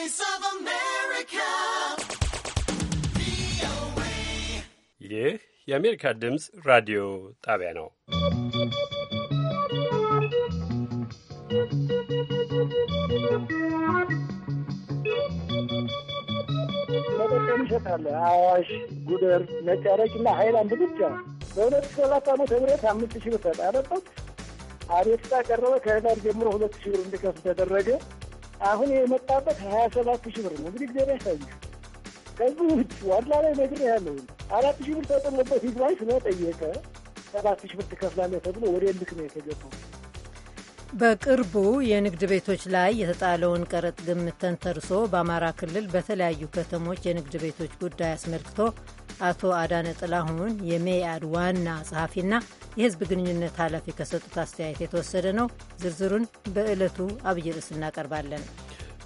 Voice of America. ይህ የአሜሪካ ድምፅ ራዲዮ ጣቢያ ነው። መሸት አለ አዋሽ፣ ጉደር፣ ነጭ እና ሀይላንድ ብቻ በሁለት ሰባት ዓመተ ምህረት አምስት ሺህ ብር ተጣለበት። አቤቱታ ቀረበ። ከህዳር ጀምሮ ሁለት ሺህ ብር እንዲከፍል ተደረገ። አሁን የመጣበት ሀያ ሰባት ሺህ ብር ነው። እንግዲህ እግዚአብሔር ያሳያል። ከዚህ ውጭ ዋድላ ላይ ነግር ያለው አራት ሺህ ብር ተጥሎበት ይግባኝ ስለጠየቀ ሰባት ሺህ ብር ትከፍላለህ ተብሎ ወደ ልክ ነው የተገባው። በቅርቡ የንግድ ቤቶች ላይ የተጣለውን ቀረጥ ግምት ተንተርሶ በአማራ ክልል በተለያዩ ከተሞች የንግድ ቤቶች ጉዳይ አስመልክቶ አቶ አዳነ ጥላሁን የሜያድ ዋና ጸሐፊና የህዝብ ግንኙነት ኃላፊ ከሰጡት አስተያየት የተወሰደ ነው። ዝርዝሩን በዕለቱ አብይ ርዕስ እናቀርባለን።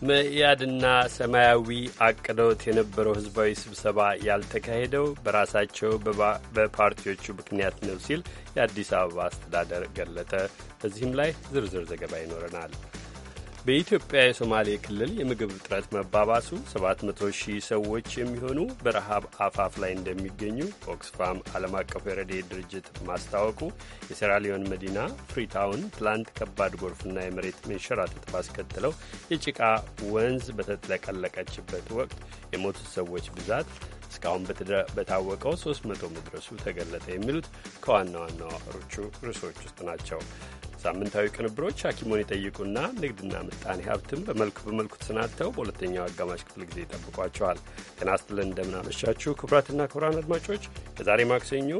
መኢአድና ሰማያዊ አቅደውት የነበረው ህዝባዊ ስብሰባ ያልተካሄደው በራሳቸው በፓርቲዎቹ ምክንያት ነው ሲል የአዲስ አበባ አስተዳደር ገለጠ። በዚህም ላይ ዝርዝር ዘገባ ይኖረናል። በኢትዮጵያ የሶማሌ ክልል የምግብ እጥረት መባባሱ 700 ሺህ ሰዎች የሚሆኑ በረሃብ አፋፍ ላይ እንደሚገኙ ኦክስፋም ዓለም አቀፉ የረድኤት ድርጅት ማስታወቁ፣ የሴራሊዮን መዲና ፍሪታውን ትላንት ከባድ ጎርፍና የመሬት መንሸራተት ባስከትለው የጭቃ ወንዝ በተጥለቀለቀችበት ወቅት የሞቱት ሰዎች ብዛት እስካሁን በታወቀው 300 መድረሱ ተገለጠ። የሚሉት ከዋና ዋና ርዕሶች ውስጥ ናቸው። ሳምንታዊ ቅንብሮች ሐኪሙን ይጠይቁና ንግድና ምጣኔ ሀብትን በመልኩ በመልኩ ተሰናድተው በሁለተኛው አጋማሽ ክፍል ጊዜ ይጠብቋቸዋል። ጤና ይስጥልን፣ እንደምናመሻችሁ ክቡራትና ክቡራን አድማጮች ከዛሬ ማክሰኞ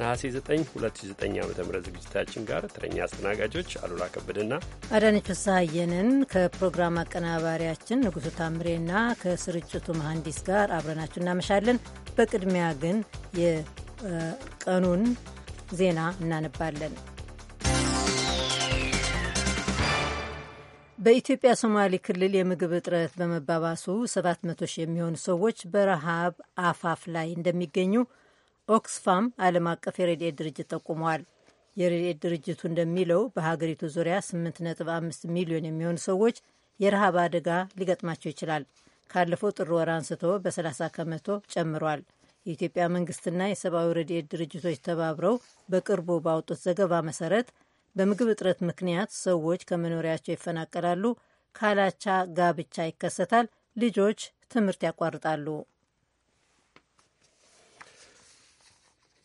ነሐሴ 9 2009 ዓ ም ዝግጅታችን ጋር ተረኛ አስተናጋጆች አሉላ ከበደና አዳነች ሳየንን ከፕሮግራም አቀናባሪያችን ንጉሱ ታምሬና ከስርጭቱ መሐንዲስ ጋር አብረናችሁ እናመሻለን። በቅድሚያ ግን የቀኑን ዜና እናነባለን። በኢትዮጵያ ሶማሌ ክልል የምግብ እጥረት በመባባሱ 700 ሺህ የሚሆኑ ሰዎች በረሃብ አፋፍ ላይ እንደሚገኙ ኦክስፋም ዓለም አቀፍ የረድኤት ድርጅት ጠቁመዋል። የረድኤት ድርጅቱ እንደሚለው በሀገሪቱ ዙሪያ 8.5 ሚሊዮን የሚሆኑ ሰዎች የረሃብ አደጋ ሊገጥማቸው ይችላል። ካለፈው ጥር ወር አንስቶ በ30 ከመቶ ጨምሯል። የኢትዮጵያ መንግስትና የሰብአዊ ረድኤት ድርጅቶች ተባብረው በቅርቡ ባወጡት ዘገባ መሰረት በምግብ እጥረት ምክንያት ሰዎች ከመኖሪያቸው ይፈናቀላሉ፣ ካላቻ ጋብቻ ይከሰታል፣ ልጆች ትምህርት ያቋርጣሉ።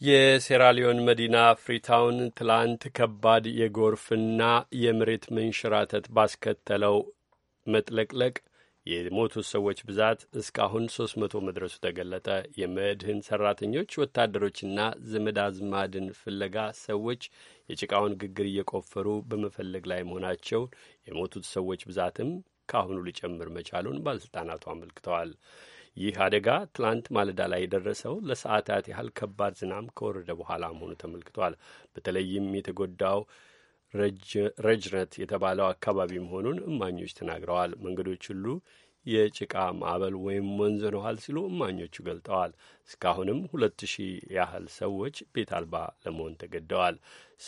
የሴራሊዮን መዲና ፍሪታውን ትላንት ከባድ የጎርፍና የመሬት መንሸራተት ባስከተለው መጥለቅለቅ የሞቱት ሰዎች ብዛት እስካሁን 300 መድረሱ ተገለጠ። የመድህን ሰራተኞች፣ ወታደሮችና ዘመድ አዝማድን ፍለጋ ሰዎች የጭቃውን ግግር እየቆፈሩ በመፈለግ ላይ መሆናቸው የሞቱት ሰዎች ብዛትም ከአሁኑ ሊጨምር መቻሉን ባለሥልጣናቱ አመልክተዋል። ይህ አደጋ ትላንት ማለዳ ላይ የደረሰው ለሰዓታት ያህል ከባድ ዝናብ ከወረደ በኋላ መሆኑ ተመልክቷል። በተለይም የተጎዳው ረጅረት የተባለው አካባቢ መሆኑን እማኞች ተናግረዋል። መንገዶች ሁሉ የጭቃ ማዕበል ወይም ወንዝ ነዋል ሲሉ እማኞቹ ገልጠዋል። እስካሁንም ሁለት ሺህ ያህል ሰዎች ቤት አልባ ለመሆን ተገደዋል።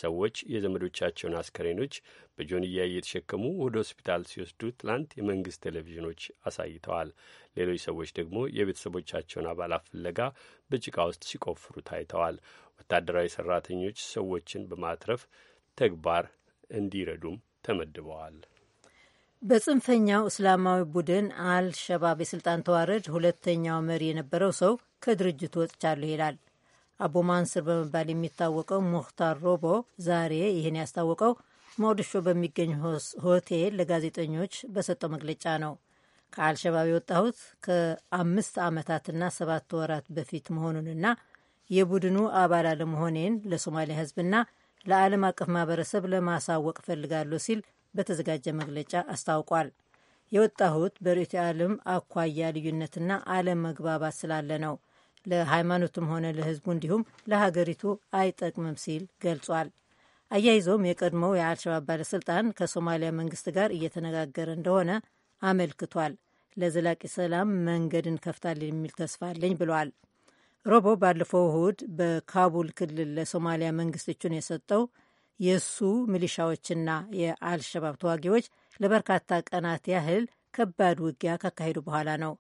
ሰዎች የዘመዶቻቸውን አስከሬኖች በጆንያ እየተሸከሙ ወደ ሆስፒታል ሲወስዱ ትላንት የመንግስት ቴሌቪዥኖች አሳይተዋል። ሌሎች ሰዎች ደግሞ የቤተሰቦቻቸውን አባላት ፍለጋ በጭቃ ውስጥ ሲቆፍሩ ታይተዋል። ወታደራዊ ሰራተኞች ሰዎችን በማትረፍ ተግባር እንዲረዱም ተመድበዋል። በጽንፈኛው እስላማዊ ቡድን አልሸባብ የስልጣን ተዋረድ ሁለተኛው መሪ የነበረው ሰው ከድርጅቱ ወጥቻለሁ ይላል። አቡ ማንስር በመባል የሚታወቀው ሙክታር ሮቦ ዛሬ ይህን ያስታወቀው ሞቃዲሾ በሚገኝ ሆቴል ለጋዜጠኞች በሰጠው መግለጫ ነው። ከአልሸባብ የወጣሁት ከአምስት ዓመታትና ሰባት ወራት በፊት መሆኑንና የቡድኑ አባል አለመሆኔን ለሶማሊያ ሕዝብና ለዓለም አቀፍ ማህበረሰብ ለማሳወቅ እፈልጋለሁ ሲል በተዘጋጀ መግለጫ አስታውቋል። የወጣሁት በርዕዮተ ዓለም አኳያ ልዩነትና አለመግባባት ስላለ ነው። ለሃይማኖትም ሆነ ለህዝቡ እንዲሁም ለሀገሪቱ አይጠቅምም ሲል ገልጿል። አያይዞም የቀድሞው የአልሸባብ ባለሥልጣን ከሶማሊያ መንግስት ጋር እየተነጋገረ እንደሆነ አመልክቷል። ለዘላቂ ሰላም መንገድ እንከፍታለን የሚል ተስፋ አለኝ ብሏል። ሮቦ ባለፈው እሁድ በካቡል ክልል ለሶማሊያ መንግስት እጁን የሰጠው የእሱ ሚሊሻዎችና የአልሸባብ ተዋጊዎች ለበርካታ ቀናት ያህል ከባድ ውጊያ ካካሄዱ በኋላ ነው።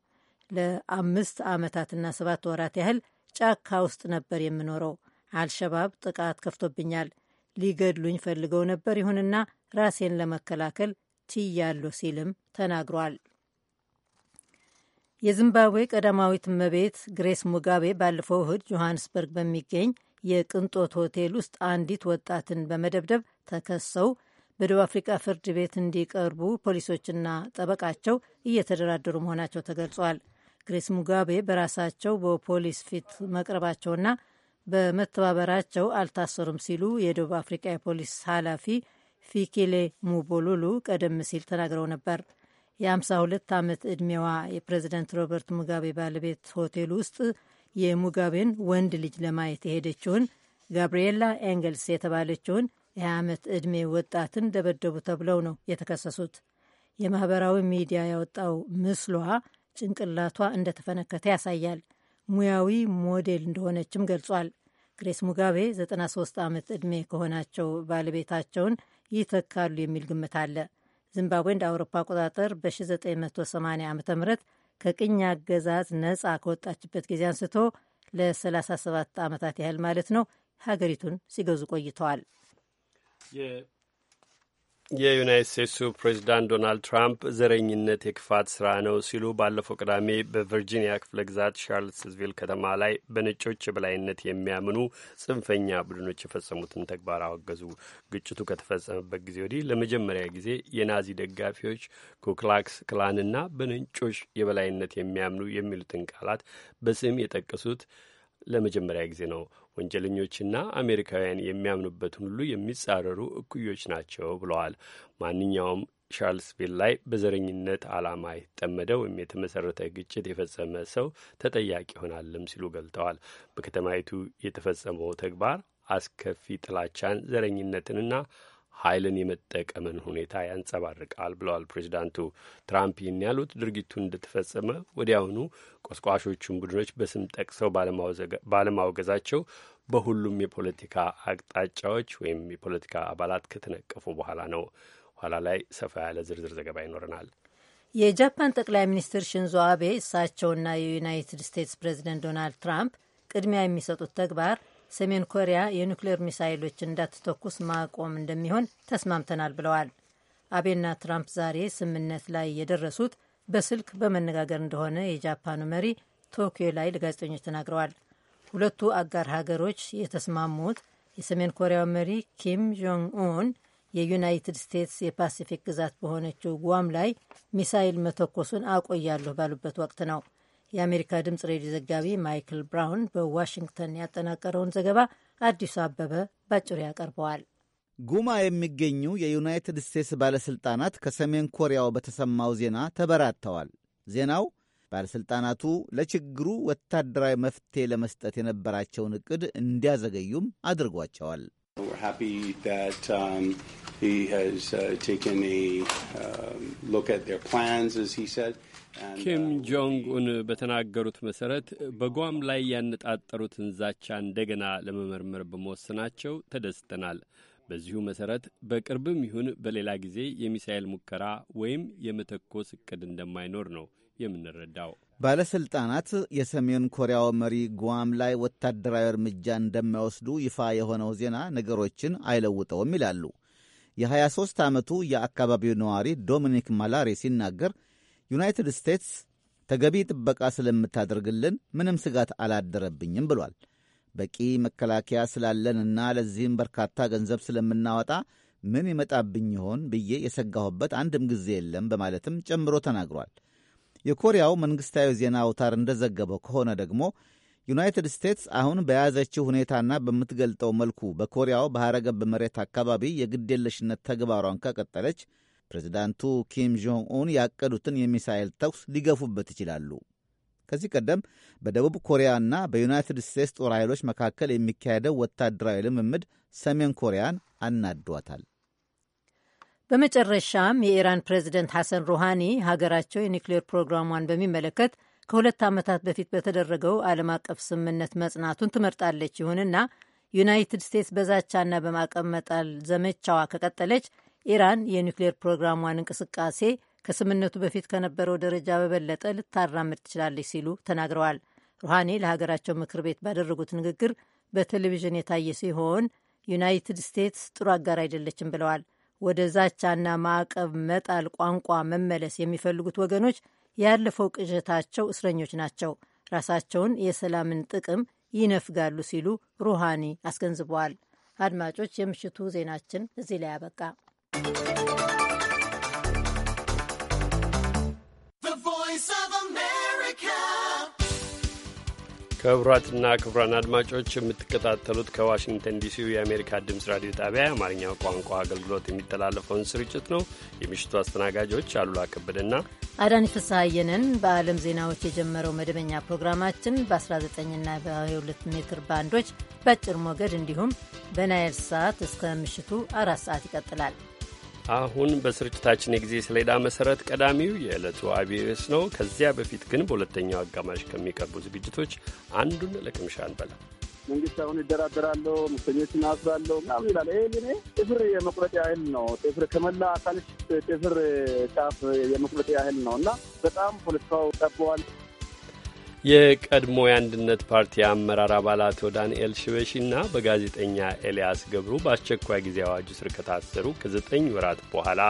ለአምስት ዓመታትና ሰባት ወራት ያህል ጫካ ውስጥ ነበር የምኖረው። አልሸባብ ጥቃት ከፍቶብኛል። ሊገድሉኝ ፈልገው ነበር። ይሁንና ራሴን ለመከላከል ችያለሁ ሲልም ተናግሯል። የዚምባብዌ ቀዳማዊት እመቤት ግሬስ ሙጋቤ ባለፈው እሁድ ጆሃንስበርግ በሚገኝ የቅንጦት ሆቴል ውስጥ አንዲት ወጣትን በመደብደብ ተከሰው በደቡብ አፍሪካ ፍርድ ቤት እንዲቀርቡ ፖሊሶችና ጠበቃቸው እየተደራደሩ መሆናቸው ተገልጿል። ግሬስ ሙጋቤ በራሳቸው በፖሊስ ፊት መቅረባቸውና በመተባበራቸው አልታሰሩም ሲሉ የደቡብ አፍሪካ የፖሊስ ኃላፊ ፊኪሌ ሙቦሉሉ ቀደም ሲል ተናግረው ነበር። የ52 ዓመት ዕድሜዋ የፕሬዚደንት ሮበርት ሙጋቤ ባለቤት ሆቴል ውስጥ የሙጋቤን ወንድ ልጅ ለማየት የሄደችውን ጋብርኤላ ኤንገልስ የተባለችውን የ20 ዓመት ዕድሜ ወጣትን ደበደቡ ተብለው ነው የተከሰሱት። የማኅበራዊ ሚዲያ ያወጣው ምስሏ ጭንቅላቷ እንደተፈነከተ ያሳያል። ሙያዊ ሞዴል እንደሆነችም ገልጿል። ግሬስ ሙጋቤ 93 ዓመት ዕድሜ ከሆናቸው ባለቤታቸውን ይተካሉ የሚል ግምት አለ። ዚምባብዌ እንደ አውሮፓ አቆጣጠር በ1980 ዓ ም ከቅኝ አገዛዝ ነጻ ከወጣችበት ጊዜ አንስቶ ለ37 ዓመታት ያህል ማለት ነው ሀገሪቱን ሲገዙ ቆይተዋል። የዩናይት ስቴትሱ ፕሬዚዳንት ዶናልድ ትራምፕ ዘረኝነት የክፋት ስራ ነው ሲሉ ባለፈው ቅዳሜ በቨርጂኒያ ክፍለ ግዛት ቻርልስቪል ከተማ ላይ በነጮች የበላይነት የሚያምኑ ጽንፈኛ ቡድኖች የፈጸሙትን ተግባር አወገዙ። ግጭቱ ከተፈጸመበት ጊዜ ወዲህ ለመጀመሪያ ጊዜ የናዚ ደጋፊዎች ኩክላክስ ክላንና በነጮች የበላይነት የሚያምኑ የሚሉትን ቃላት በስም የጠቀሱት ለመጀመሪያ ጊዜ ነው። ወንጀለኞችና አሜሪካውያን የሚያምኑበትን ሁሉ የሚጻረሩ እኩዮች ናቸው ብለዋል። ማንኛውም ሻርልስቪል ላይ በዘረኝነት ዓላማ የተጠመደ ወይም የተመሰረተ ግጭት የፈጸመ ሰው ተጠያቂ ይሆናልም ሲሉ ገልጠዋል። በከተማይቱ የተፈጸመው ተግባር አስከፊ ጥላቻን፣ ዘረኝነትንና ኃይልን የመጠቀምን ሁኔታ ያንጸባርቃል ብለዋል ፕሬዚዳንቱ። ትራምፕ ይህን ያሉት ድርጊቱ እንደተፈጸመ ወዲያውኑ ቆስቋሾቹን ቡድኖች በስም ጠቅሰው ባለማውገዛቸው በሁሉም የፖለቲካ አቅጣጫዎች ወይም የፖለቲካ አባላት ከተነቀፉ በኋላ ነው። ኋላ ላይ ሰፋ ያለ ዝርዝር ዘገባ ይኖረናል። የጃፓን ጠቅላይ ሚኒስትር ሽንዞ አቤ እሳቸውና የዩናይትድ ስቴትስ ፕሬዚደንት ዶናልድ ትራምፕ ቅድሚያ የሚሰጡት ተግባር ሰሜን ኮሪያ የኒውክሌር ሚሳይሎች እንዳትተኩስ ማቆም እንደሚሆን ተስማምተናል ብለዋል። አቤና ትራምፕ ዛሬ ስምምነት ላይ የደረሱት በስልክ በመነጋገር እንደሆነ የጃፓኑ መሪ ቶኪዮ ላይ ለጋዜጠኞች ተናግረዋል። ሁለቱ አጋር ሀገሮች የተስማሙት የሰሜን ኮሪያው መሪ ኪም ጆንግ ኡን የዩናይትድ ስቴትስ የፓሲፊክ ግዛት በሆነችው ጓም ላይ ሚሳይል መተኮሱን አቆያለሁ ባሉበት ወቅት ነው። የአሜሪካ ድምፅ ሬዲዮ ዘጋቢ ማይክል ብራውን በዋሽንግተን ያጠናቀረውን ዘገባ አዲሱ አበበ ባጭሩ ያቀርበዋል። ጉማ የሚገኙ የዩናይትድ ስቴትስ ባለሥልጣናት ከሰሜን ኮሪያው በተሰማው ዜና ተበራተዋል። ዜናው ባለሥልጣናቱ ለችግሩ ወታደራዊ መፍትሔ ለመስጠት የነበራቸውን ዕቅድ እንዲያዘገዩም አድርጓቸዋል። ኪም ጆንግ ኡን በተናገሩት መሰረት በጓም ላይ ያነጣጠሩትን ዛቻ እንደገና ለመመርመር በመወሰናቸው ተደስተናል። በዚሁ መሰረት በቅርብም ይሁን በሌላ ጊዜ የሚሳኤል ሙከራ ወይም የመተኮስ እቅድ እንደማይኖር ነው የምንረዳው። ባለሥልጣናት የሰሜን ኮሪያው መሪ ጓም ላይ ወታደራዊ እርምጃ እንደማይወስዱ ይፋ የሆነው ዜና ነገሮችን አይለውጠውም ይላሉ። የ23 ዓመቱ የአካባቢው ነዋሪ ዶሚኒክ ማላሪ ሲናገር ዩናይትድ ስቴትስ ተገቢ ጥበቃ ስለምታደርግልን ምንም ስጋት አላደረብኝም ብሏል። በቂ መከላከያ ስላለንና ለዚህም በርካታ ገንዘብ ስለምናወጣ ምን ይመጣብኝ ይሆን ብዬ የሰጋሁበት አንድም ጊዜ የለም በማለትም ጨምሮ ተናግሯል። የኮሪያው መንግሥታዊ ዜና አውታር እንደዘገበው ከሆነ ደግሞ ዩናይትድ ስቴትስ አሁን በያዘችው ሁኔታና በምትገልጠው መልኩ በኮሪያው ባሕረ ገብ መሬት አካባቢ የግዴለሽነት ተግባሯን ከቀጠለች ፕሬዚዳንቱ ኪም ጆንግ ኡን ያቀዱትን የሚሳኤል ተኩስ ሊገፉበት ይችላሉ። ከዚህ ቀደም በደቡብ ኮሪያና በዩናይትድ ስቴትስ ጦር ኃይሎች መካከል የሚካሄደው ወታደራዊ ልምምድ ሰሜን ኮሪያን አናዷታል። በመጨረሻም የኢራን ፕሬዚደንት ሐሰን ሩሃኒ ሀገራቸው የኒክሌር ፕሮግራሟን በሚመለከት ከሁለት ዓመታት በፊት በተደረገው ዓለም አቀፍ ስምምነት መጽናቱን ትመርጣለች። ይሁንና ዩናይትድ ስቴትስ በዛቻና በማዕቀብ መጣል ዘመቻዋ ከቀጠለች ኢራን የኒውክሌር ፕሮግራሟን እንቅስቃሴ ከስምነቱ በፊት ከነበረው ደረጃ በበለጠ ልታራምድ ትችላለች ሲሉ ተናግረዋል። ሩሃኒ ለሀገራቸው ምክር ቤት ባደረጉት ንግግር በቴሌቪዥን የታየ ሲሆን ዩናይትድ ስቴትስ ጥሩ አጋር አይደለችም ብለዋል። ወደ ዛቻና ማዕቀብ መጣል ቋንቋ መመለስ የሚፈልጉት ወገኖች ያለፈው ቅዠታቸው እስረኞች ናቸው፣ ራሳቸውን የሰላምን ጥቅም ይነፍጋሉ ሲሉ ሩሃኒ አስገንዝበዋል። አድማጮች፣ የምሽቱ ዜናችን እዚህ ላይ አበቃ። ክቡራትና ክቡራን አድማጮች የምትከታተሉት ከዋሽንግተን ዲሲው የአሜሪካ ድምፅ ራዲዮ ጣቢያ የአማርኛ ቋንቋ አገልግሎት የሚተላለፈውን ስርጭት ነው። የምሽቱ አስተናጋጆች አሉላ ከበደና አዳኒ ፍስሐየንን። በዓለም ዜናዎች የጀመረው መደበኛ ፕሮግራማችን በ19ና በ22 ሜትር ባንዶች በአጭር ሞገድ እንዲሁም በናይል ሰዓት እስከ ምሽቱ አራት ሰዓት ይቀጥላል። አሁን በስርጭታችን የጊዜ ሰሌዳ መሰረት ቀዳሚው የዕለቱ አቢስ ነው። ከዚያ በፊት ግን በሁለተኛው አጋማሽ ከሚቀርቡ ዝግጅቶች አንዱን ለቅምሻ እንበላ። መንግስት አሁን ይደራደራለሁ፣ ሙሰኞችን አስራለሁ ምናምን ይላል። ይህ ግን ጥፍር የመቁረጥ ያህል ነው። ጥፍር ከመላ አካልሽ ጥፍር ጫፍ የመቁረጥ ያህል ነው እና በጣም ፖለቲካው ጠበዋል። የቀድሞ የአንድነት ፓርቲ አመራር አባላት አቶ ዳንኤል ሽበሺና በጋዜጠኛ ኤልያስ ገብሩ በአስቸኳይ ጊዜ አዋጁ ስር ከታሰሩ ከዘጠኝ ወራት በኋላ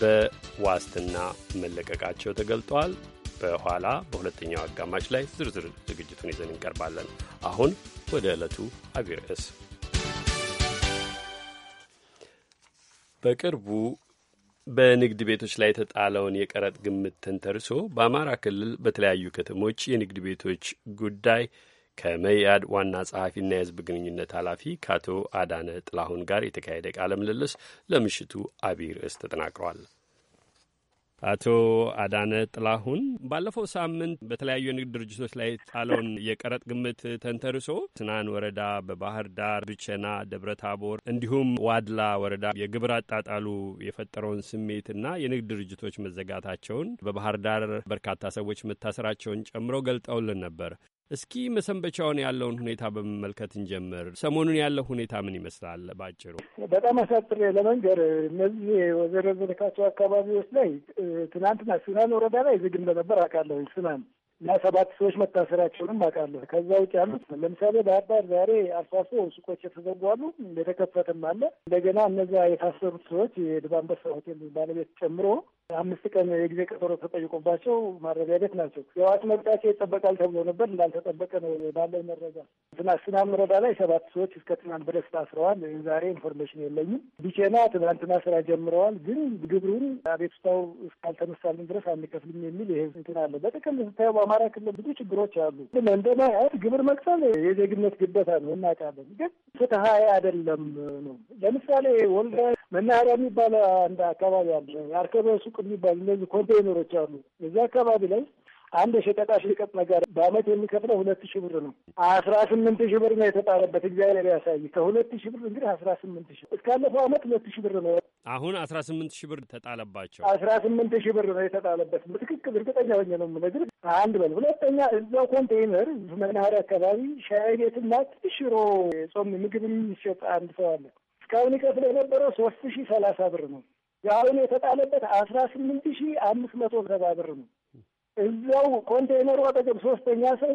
በዋስትና መለቀቃቸው ተገልጧል። በኋላ በሁለተኛው አጋማሽ ላይ ዝርዝር ዝግጅቱን ይዘን እንቀርባለን። አሁን ወደ ዕለቱ አቢይ ርዕስ በቅርቡ በንግድ ቤቶች ላይ የተጣለውን የቀረጥ ግምት ተንተርሶ በአማራ ክልል በተለያዩ ከተሞች የንግድ ቤቶች ጉዳይ ከመያድ ዋና ጸሐፊና የሕዝብ ግንኙነት ኃላፊ ከአቶ አዳነ ጥላሁን ጋር የተካሄደ ቃለ ምልልስ ለምሽቱ አብይ ርዕስ ተጠናቅሯል። አቶ አዳነ ጥላሁን ባለፈው ሳምንት በተለያዩ የንግድ ድርጅቶች ላይ ጣለውን የቀረጥ ግምት ተንተርሶ ስናን ወረዳ በባህር ዳር፣ ብቸና፣ ደብረ ታቦር እንዲሁም ዋድላ ወረዳ የግብር አጣጣሉ የፈጠረውን ስሜትና የንግድ ድርጅቶች መዘጋታቸውን በባህር ዳር በርካታ ሰዎች መታሰራቸውን ጨምሮ ገልጠውልን ነበር። እስኪ መሰንበቻውን ያለውን ሁኔታ በመመልከት እንጀምር። ሰሞኑን ያለው ሁኔታ ምን ይመስላል? በአጭሩ በጣም አሳጥሬ ለመንገር እነዚህ ወዘረዘርካቸው አካባቢዎች ላይ ትናንትና ስናን ወረዳ ላይ ዝግም እንደነበር አውቃለሁ። ስናን እና ሰባት ሰዎች መታሰራቸውንም አውቃለሁ። ከዛ ውጭ ያሉት ለምሳሌ ባህር ዳር ዛሬ አርሶ አርሶ ሱቆች የተዘጓሉ አሉ፣ የተከፈተም አለ። እንደገና እነዚያ የታሰሩት ሰዎች የድባ አንበሳ ሆቴል ባለቤት ጨምሮ አምስት ቀን የጊዜ ቀጠሮ ተጠይቆባቸው ማረቢያ ቤት ናቸው። የዋስ መብታቸው ይጠበቃል ተብሎ ነበር፣ እንዳልተጠበቀ ነው ባለኝ መረጃ። አስናም ወረዳ ላይ ሰባት ሰዎች እስከ ትናንት ድረስ ታስረዋል። ዛሬ ኢንፎርሜሽን የለኝም። ቢቼና ትናንትና ስራ ጀምረዋል፣ ግን ግብሩን አቤቱታው እስካልተነሳልን ድረስ አንከፍልም የሚል ይሄ እንትን አለ። በጥቅም ስታየው በአማራ ክልል ብዙ ችግሮች አሉ። እንደ መያት ግብር መክፈል የዜግነት ግዴታ ነው እናውቃለን። ግን ፍትሀዊ አይደለም ነው። ለምሳሌ ወልደ መናኸሪያ የሚባል አንድ አካባቢ አለ። የአርከበ ሱቅ የሚባል እነዚህ ኮንቴይነሮች አሉ። እዚህ አካባቢ ላይ አንድ የሸቀጣ ሸቀጥ ነገር በአመት የሚከፍለው ሁለት ሺህ ብር ነው። አስራ ስምንት ሺህ ብር ነው የተጣለበት። እግዚአብሔር ያሳይ። ከሁለት ሺህ ብር እንግዲህ አስራ ስምንት ሺህ እስካለፈው አመት ሁለት ሺህ ብር ነው። አሁን አስራ ስምንት ሺህ ብር ተጣለባቸው። አስራ ስምንት ሺህ ብር ነው የተጣለበት። በትክክል እርግጠኛ ሆኜ ነው የምነግርህ። አንድ በል ሁለተኛ፣ እዛው ኮንቴይነር መናኸሪያ አካባቢ ሻይ ቤትና ሽሮ ጾም ምግብ የሚሸጥ አንድ ሰው አለ። እስካሁን ይከፍል የነበረው ሶስት ሺህ ሰላሳ ብር ነው። የአሁኑ የተጣለበት አስራ ስምንት ሺህ አምስት መቶ ሰባ ብር ነው። እዚያው ኮንቴይነሩ አጠገብ ሶስተኛ ሰው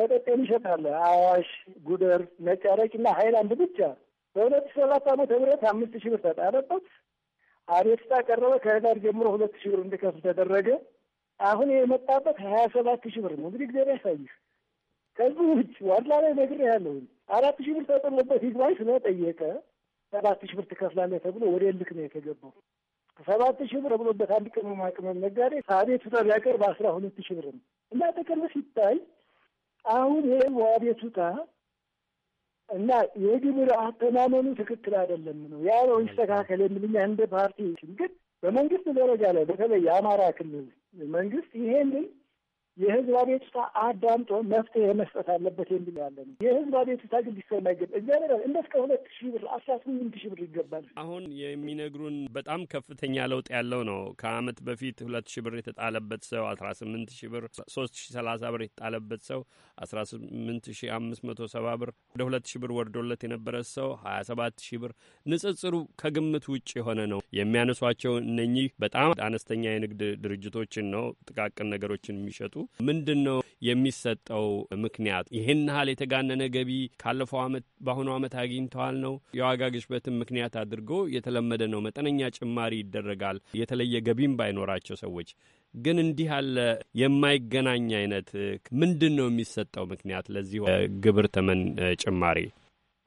መጠጤን ይሸጣል። አዋሽ፣ ጉደር፣ ነጭ አረቂ እና ሀይላንድ ብቻ። በሁለት ሰባት ዓመተ ምህረት አምስት ሺህ ብር ተጣለበት። አቤቱታ ቀረበ። ከህዳር ጀምሮ ሁለት ሺህ ብር እንዲከፍል ተደረገ። አሁን የመጣበት ሀያ ሰባት ሺህ ብር ነው። እንግዲህ እግዚአብሔር ያሳይህ። ከዚህ ውጭ ዋድላ ላይ ነግር ያለው አራት ሺህ ብር ተጥሎበት ይግባኝ ስለጠየቀ ሰባት ሺህ ብር ትከፍላለህ ተብሎ ወደ ልክ ነው የተገባው። ከሰባት ሺህ ብር ብሎበት አንድ ቅመማ ቅመም ነጋዴ አቤቱታ ቢያቀርብ አስራ ሁለት ሺህ ብር ነው እና ጥቅል ሲታይ አሁን ይህም አቤቱታ እና የግብር አተማመኑ ትክክል አይደለም ነው ያ ነው ይስተካከል የምልኛ እንደ ፓርቲ ግን በመንግስት ደረጃ ላይ በተለይ የአማራ ክልል መንግስት ይሄንን የህዝብ አቤቱታ አዳምጦ መፍትሄ መስጠት አለበት የሚል ያለ ነው። የህዝብ አቤቱታ ግን ሊሰማ ይገባል። እግዚአብሔር እንደ እስከ ሁለት ሺህ ብር አስራ ስምንት ሺህ ብር ይገባል። አሁን የሚነግሩን በጣም ከፍተኛ ለውጥ ያለው ነው። ከአመት በፊት ሁለት ሺህ ብር የተጣለበት ሰው አስራ ስምንት ሺህ ብር፣ ሶስት ሺህ ሰላሳ ብር የተጣለበት ሰው አስራ ስምንት ሺህ አምስት መቶ ሰባ ብር፣ ወደ ሁለት ሺህ ብር ወርዶለት የነበረ ሰው ሀያ ሰባት ሺህ ብር። ንጽጽሩ ከግምት ውጭ የሆነ ነው። የሚያነሷቸው እነኚህ በጣም አነስተኛ የንግድ ድርጅቶችን ነው ጥቃቅን ነገሮችን የሚሸጡ ምንድን ነው የሚሰጠው ምክንያት? ይህን ያህል የተጋነነ ገቢ ካለፈው ዓመት በአሁኑ ዓመት አግኝተዋል ነው? የዋጋ ግሽበትን ምክንያት አድርጎ የተለመደ ነው፣ መጠነኛ ጭማሪ ይደረጋል፣ የተለየ ገቢም ባይኖራቸው ሰዎች ግን እንዲህ ያለ የማይገናኝ አይነት ምንድን ነው የሚሰጠው ምክንያት ለዚህ ግብር ተመን ጭማሪ?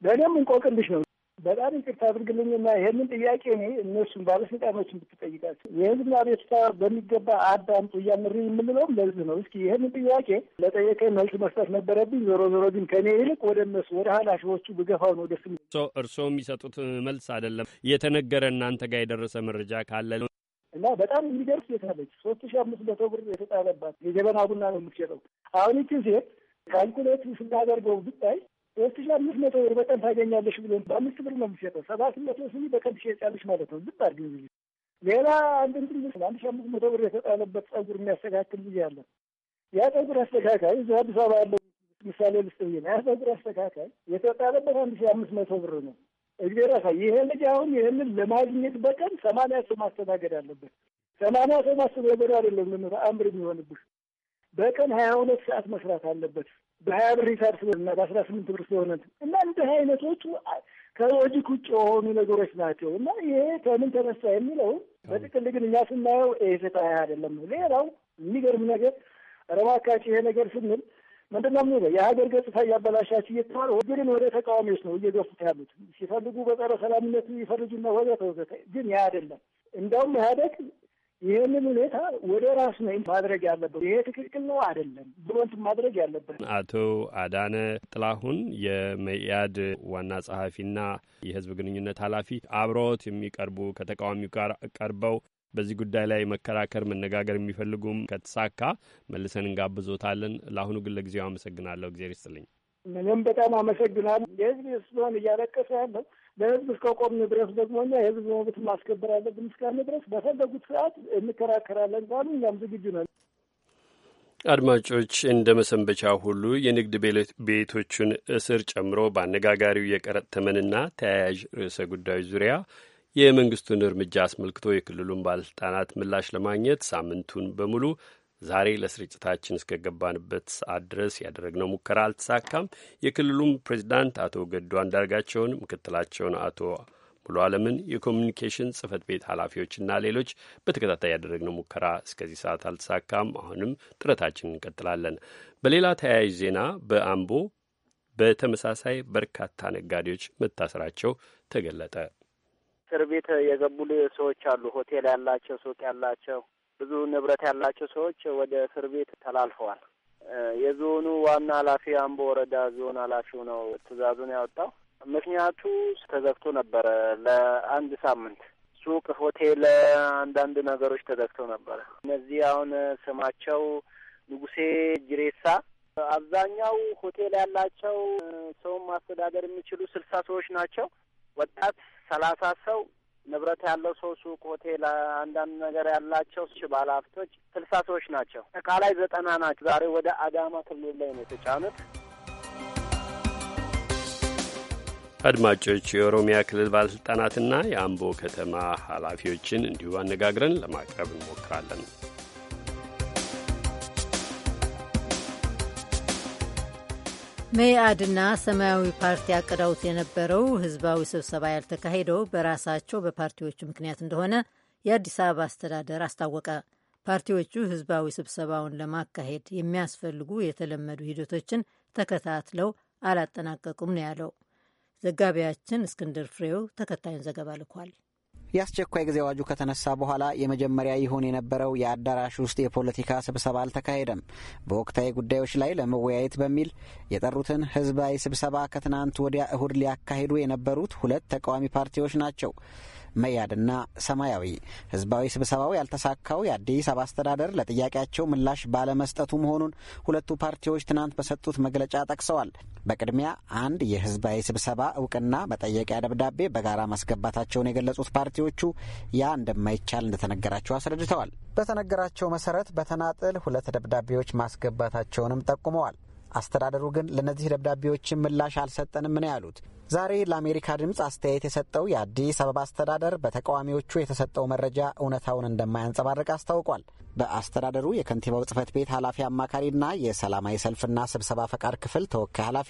ለእኔም እንቆቅልሽ ነው። በጣም ይቅርታ አድርግልኝና ይህንን ጥያቄ እኔ እነሱን ባለስልጣኖችን ብትጠይቃቸው የህዝብና ቤተሰባ በሚገባ አዳምጡ እያምር የምንለውም ለዚህ ነው። እስኪ ይህንን ጥያቄ ለጠየቀ መልስ መስጠት ነበረብኝ። ዞሮ ዞሮ ግን ከእኔ ይልቅ ወደ እነሱ ወደ ኃላፊዎቹ ብገፋው ነው ደስ እርስዎ የሚሰጡት መልስ አይደለም የተነገረ እናንተ ጋር የደረሰ መረጃ ካለ እና በጣም የሚደርስ የታለች ሶስት ሺ አምስት መቶ ብር የተጣለባት የጀበና ቡና ነው የምትሸጠው። አሁን ይቺ ሴት ካልኩሌት ስናደርገው ብታይ ሶስት ሺ አምስት መቶ ብር በቀን ታገኛለሽ ብሎ በአምስት ብር ነው የሚሸጠው። ሰባት መቶ ስኒ በቀን ትሸጫለሽ ማለት ነው። ዝም አድርጊ እንጂ ሌላ አንድ እንትን አንድ ሺ አምስት መቶ ብር የተጣለበት ጸጉር የሚያስተካክል ጊዜ አለ። ያ ጸጉር አስተካካይ እዚህ አዲስ አበባ ያለው ምሳሌ ልስጥ ብዬ ነው። ያ ጸጉር አስተካካይ የተጣለበት አንድ ሺ አምስት መቶ ብር ነው። እግዚአብሔር ያሳይ። ይሄ ልጅ አሁን ይህንን ለማግኘት በቀን ሰማንያ ሰው ማስተናገድ አለበት። ሰማንያ ሰው ማስተናገድ አይደለም ለምታ አምር የሚሆንብሽ በቀን ሀያ ሁለት ሰዓት መስራት አለበት። በሀያ ብር ሂሳብ ስለሆነ በአስራ ስምንት ብር ስለሆነ እና እንዲህ አይነቶቹ ከሎጂክ ውጭ የሆኑ ነገሮች ናቸው እና ይሄ ከምን ተነሳ የሚለው በጥቅል ግን እኛ ስናየው ፍትሃዊ አይደለም። ሌላው የሚገርም ነገር ረባካች ይሄ ነገር ስንል ምንድን ነው የምንለው የሀገር ገጽታ እያበላሻች እየተባለ ወግድን ወደ ተቃዋሚዎች ነው እየገፉት ያሉት። ሲፈልጉ በጸረ ሰላምነቱ ይፈርጁና ወዘተ ወዘተ። ግን ያ አይደለም። እንደውም ኢህአዴግ ይህንን ሁኔታ ወደ ራስ ነው ማድረግ ያለበት። ይሄ ትክክል ነው አይደለም ብሎንት ማድረግ ያለበት። አቶ አዳነ ጥላሁን የመኢአድ ዋና ጸሐፊና የህዝብ ግንኙነት ኃላፊ አብረዎት የሚቀርቡ ከተቃዋሚው ጋር ቀርበው በዚህ ጉዳይ ላይ መከራከር መነጋገር የሚፈልጉም ከተሳካ መልሰን እንጋብዞታለን። ለአሁኑ ግን ለጊዜው አመሰግናለሁ። እግዜር ይስጥልኝ። ምንም በጣም አመሰግናለሁ። የህዝብ ስለሆን እያለቀሰ ያለው ለህዝብ እስከቆም ድረስ ደግሞ እኛ የህዝብ መብት ማስከበር አለብን እስካለ ድረስ በፈለጉት ሰዓት እንከራከራለን ካሉ እኛም ዝግጁ ነን። አድማጮች እንደ መሰንበቻ ሁሉ የንግድ ቤቶቹን እስር ጨምሮ በአነጋጋሪው የቀረጥ ተመንና ተያያዥ ርዕሰ ጉዳዮች ዙሪያ የመንግስቱን እርምጃ አስመልክቶ የክልሉን ባለስልጣናት ምላሽ ለማግኘት ሳምንቱን በሙሉ ዛሬ ለስርጭታችን እስከገባንበት ሰዓት ድረስ ያደረግነው ሙከራ አልተሳካም። የክልሉም ፕሬዚዳንት አቶ ገዱ አንዳርጋቸውን፣ ምክትላቸውን አቶ ሙሉ አለምን፣ የኮሚኒኬሽን ጽህፈት ቤት ኃላፊዎችና ሌሎች በተከታታይ ያደረግነው ሙከራ እስከዚህ ሰዓት አልተሳካም። አሁንም ጥረታችንን እንቀጥላለን። በሌላ ተያያዥ ዜና በአምቦ በተመሳሳይ በርካታ ነጋዴዎች መታሰራቸው ተገለጠ። እስር ቤት የገቡ ሰዎች አሉ። ሆቴል ያላቸው፣ ሱቅ ያላቸው ብዙ ንብረት ያላቸው ሰዎች ወደ እስር ቤት ተላልፈዋል። የዞኑ ዋና ኃላፊ አምቦ ወረዳ ዞን ኃላፊው ነው ትዕዛዙን ያወጣው። ምክንያቱ ተዘግቶ ነበረ ለአንድ ሳምንት ሱቅ፣ ሆቴል፣ አንዳንድ ነገሮች ተዘግተው ነበረ። እነዚህ አሁን ስማቸው ንጉሴ ጅሬሳ አብዛኛው ሆቴል ያላቸው ሰውን ማስተዳደር የሚችሉ ስልሳ ሰዎች ናቸው። ወጣት ሰላሳ ሰው ንብረት ያለው ሰው ሱቅ፣ ሆቴል፣ አንዳንድ ነገር ያላቸው ባለ ሀብቶች ስልሳ ሰዎች ናቸው። ላይ ዘጠና ናቸው። ዛሬ ወደ አዳማ ክልል ላይ ነው የተጫኑት። አድማጮች የኦሮሚያ ክልል ባለሥልጣናትና የአምቦ ከተማ ኃላፊዎችን እንዲሁ አነጋግረን ለማቅረብ እንሞክራለን። መኢአድና ሰማያዊ ፓርቲ አቀዳውት የነበረው ህዝባዊ ስብሰባ ያልተካሄደው በራሳቸው በፓርቲዎቹ ምክንያት እንደሆነ የአዲስ አበባ አስተዳደር አስታወቀ። ፓርቲዎቹ ህዝባዊ ስብሰባውን ለማካሄድ የሚያስፈልጉ የተለመዱ ሂደቶችን ተከታትለው አላጠናቀቁም ነው ያለው። ዘጋቢያችን እስክንድር ፍሬው ተከታዩን ዘገባ ልኳል። የአስቸኳይ ጊዜ አዋጁ ከተነሳ በኋላ የመጀመሪያ ይሆን የነበረው የአዳራሽ ውስጥ የፖለቲካ ስብሰባ አልተካሄደም። በወቅታዊ ጉዳዮች ላይ ለመወያየት በሚል የጠሩትን ህዝባዊ ስብሰባ ከትናንት ወዲያ እሁድ ሊያካሂዱ የነበሩት ሁለት ተቃዋሚ ፓርቲዎች ናቸው። መያድና ሰማያዊ ህዝባዊ ስብሰባው ያልተሳካው የአዲስ አበባ አስተዳደር ለጥያቄያቸው ምላሽ ባለመስጠቱ መሆኑን ሁለቱ ፓርቲዎች ትናንት በሰጡት መግለጫ ጠቅሰዋል። በቅድሚያ አንድ የህዝባዊ ስብሰባ እውቅና መጠየቂያ ደብዳቤ በጋራ ማስገባታቸውን የገለጹት ፓርቲዎቹ ያ እንደማይቻል እንደተነገራቸው አስረድተዋል። በተነገራቸው መሰረት በተናጥል ሁለት ደብዳቤዎች ማስገባታቸውንም ጠቁመዋል። አስተዳደሩ ግን ለእነዚህ ደብዳቤዎችን ምላሽ አልሰጠንም ነው ያሉት። ዛሬ ለአሜሪካ ድምፅ አስተያየት የሰጠው የአዲስ አበባ አስተዳደር በተቃዋሚዎቹ የተሰጠው መረጃ እውነታውን እንደማያንጸባርቅ አስታውቋል። በአስተዳደሩ የከንቲባው ጽህፈት ቤት ኃላፊ አማካሪና የሰላማዊ ሰልፍና ስብሰባ ፈቃድ ክፍል ተወካይ ኃላፊ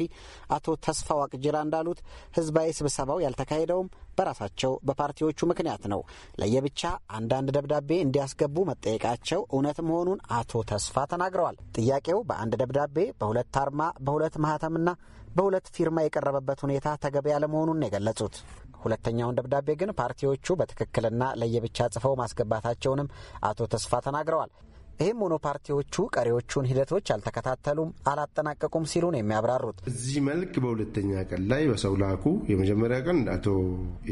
አቶ ተስፋ ዋቅጅራ እንዳሉት ህዝባዊ ስብሰባው ያልተካሄደውም በራሳቸው በፓርቲዎቹ ምክንያት ነው። ለየብቻ አንዳንድ ደብዳቤ እንዲያስገቡ መጠየቃቸው እውነት መሆኑን አቶ ተስፋ ተናግረዋል። ጥያቄው በአንድ ደብዳቤ በሁለት አርማ በሁለት ማህተምና በሁለት ፊርማ የቀረበበት ሁኔታ ተገቢ ያለመሆኑን የገለጹት ሁለተኛውን ደብዳቤ ግን ፓርቲዎቹ በትክክልና ለየብቻ ጽፈው ማስገባታቸውንም አቶ ተስፋ ተናግረዋል። ይህም ሆኖ ፓርቲዎቹ ቀሪዎቹን ሂደቶች አልተከታተሉም፣ አላጠናቀቁም ሲሉ ነው የሚያብራሩት። እዚህ መልክ በሁለተኛ ቀን ላይ በሰው ላኩ። የመጀመሪያ ቀን አቶ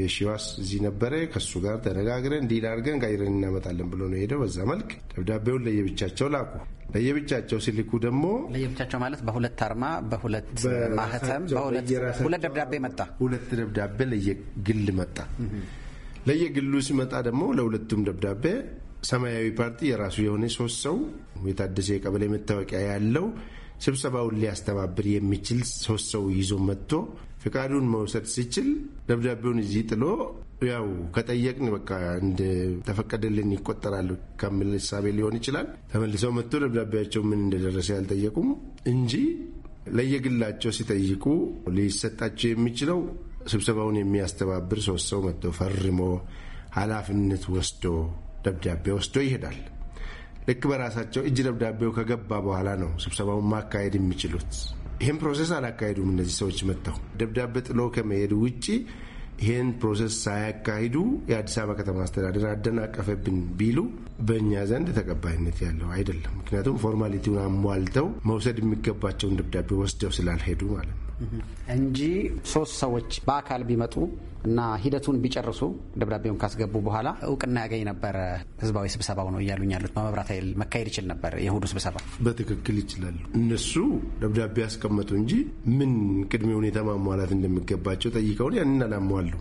የሺዋስ እዚህ ነበረ። ከሱ ጋር ተነጋግረን ዲል አድርገን ጋይረን እናመጣለን ብሎ ነው የሄደው። በዛ መልክ ደብዳቤውን ለየብቻቸው ላኩ። ለየብቻቸው ሲልኩ ደግሞ ለየብቻቸው ማለት በሁለት አርማ፣ በሁለት ማህተም፣ ሁለት ደብዳቤ መጣ። ሁለት ደብዳቤ ለየግል መጣ። ለየግሉ ሲመጣ ደግሞ ለሁለቱም ደብዳቤ ሰማያዊ ፓርቲ የራሱ የሆነ ሶስት ሰው የታደሰ የቀበሌ መታወቂያ ያለው ስብሰባውን ሊያስተባብር የሚችል ሶስት ሰው ይዞ መጥቶ ፍቃዱን መውሰድ ሲችል ደብዳቤውን እዚህ ጥሎ ያው ከጠየቅን በቃ እንደተፈቀደልን ይቆጠራሉ ከሚል እሳቤ ሊሆን ይችላል። ተመልሰው መጥቶ ደብዳቤያቸው ምን እንደደረሰ ያልጠየቁም እንጂ ለየግላቸው ሲጠይቁ ሊሰጣቸው የሚችለው ስብሰባውን የሚያስተባብር ሶስት ሰው መጥቶ ፈርሞ ኃላፊነት ወስዶ ደብዳቤ ወስዶ ይሄዳል። ልክ በራሳቸው እጅ ደብዳቤው ከገባ በኋላ ነው ስብሰባውን ማካሄድ የሚችሉት። ይህን ፕሮሰስ አላካሄዱም። እነዚህ ሰዎች መጥተው ደብዳቤ ጥሎ ከመሄድ ውጭ ይህን ፕሮሰስ ሳያካሂዱ የአዲስ አበባ ከተማ አስተዳደር አደናቀፈብን ቢሉ በእኛ ዘንድ ተቀባይነት ያለው አይደለም። ምክንያቱም ፎርማሊቲውን አሟልተው መውሰድ የሚገባቸውን ደብዳቤ ወስደው ስላልሄዱ ማለት ነው እንጂ ሶስት ሰዎች በአካል ቢመጡ እና ሂደቱን ቢጨርሱ ደብዳቤውን ካስገቡ በኋላ እውቅና ያገኝ ነበረ። ህዝባዊ ስብሰባው ነው እያሉኝ ያሉት በመብራት ኃይል መካሄድ ይችል ነበር። የእሁዱ ስብሰባ በትክክል ይችላሉ። እነሱ ደብዳቤ ያስቀመጡ እንጂ ምን ቅድሜ ሁኔታ ማሟላት እንደሚገባቸው ጠይቀውን ያንን አላሟሉ።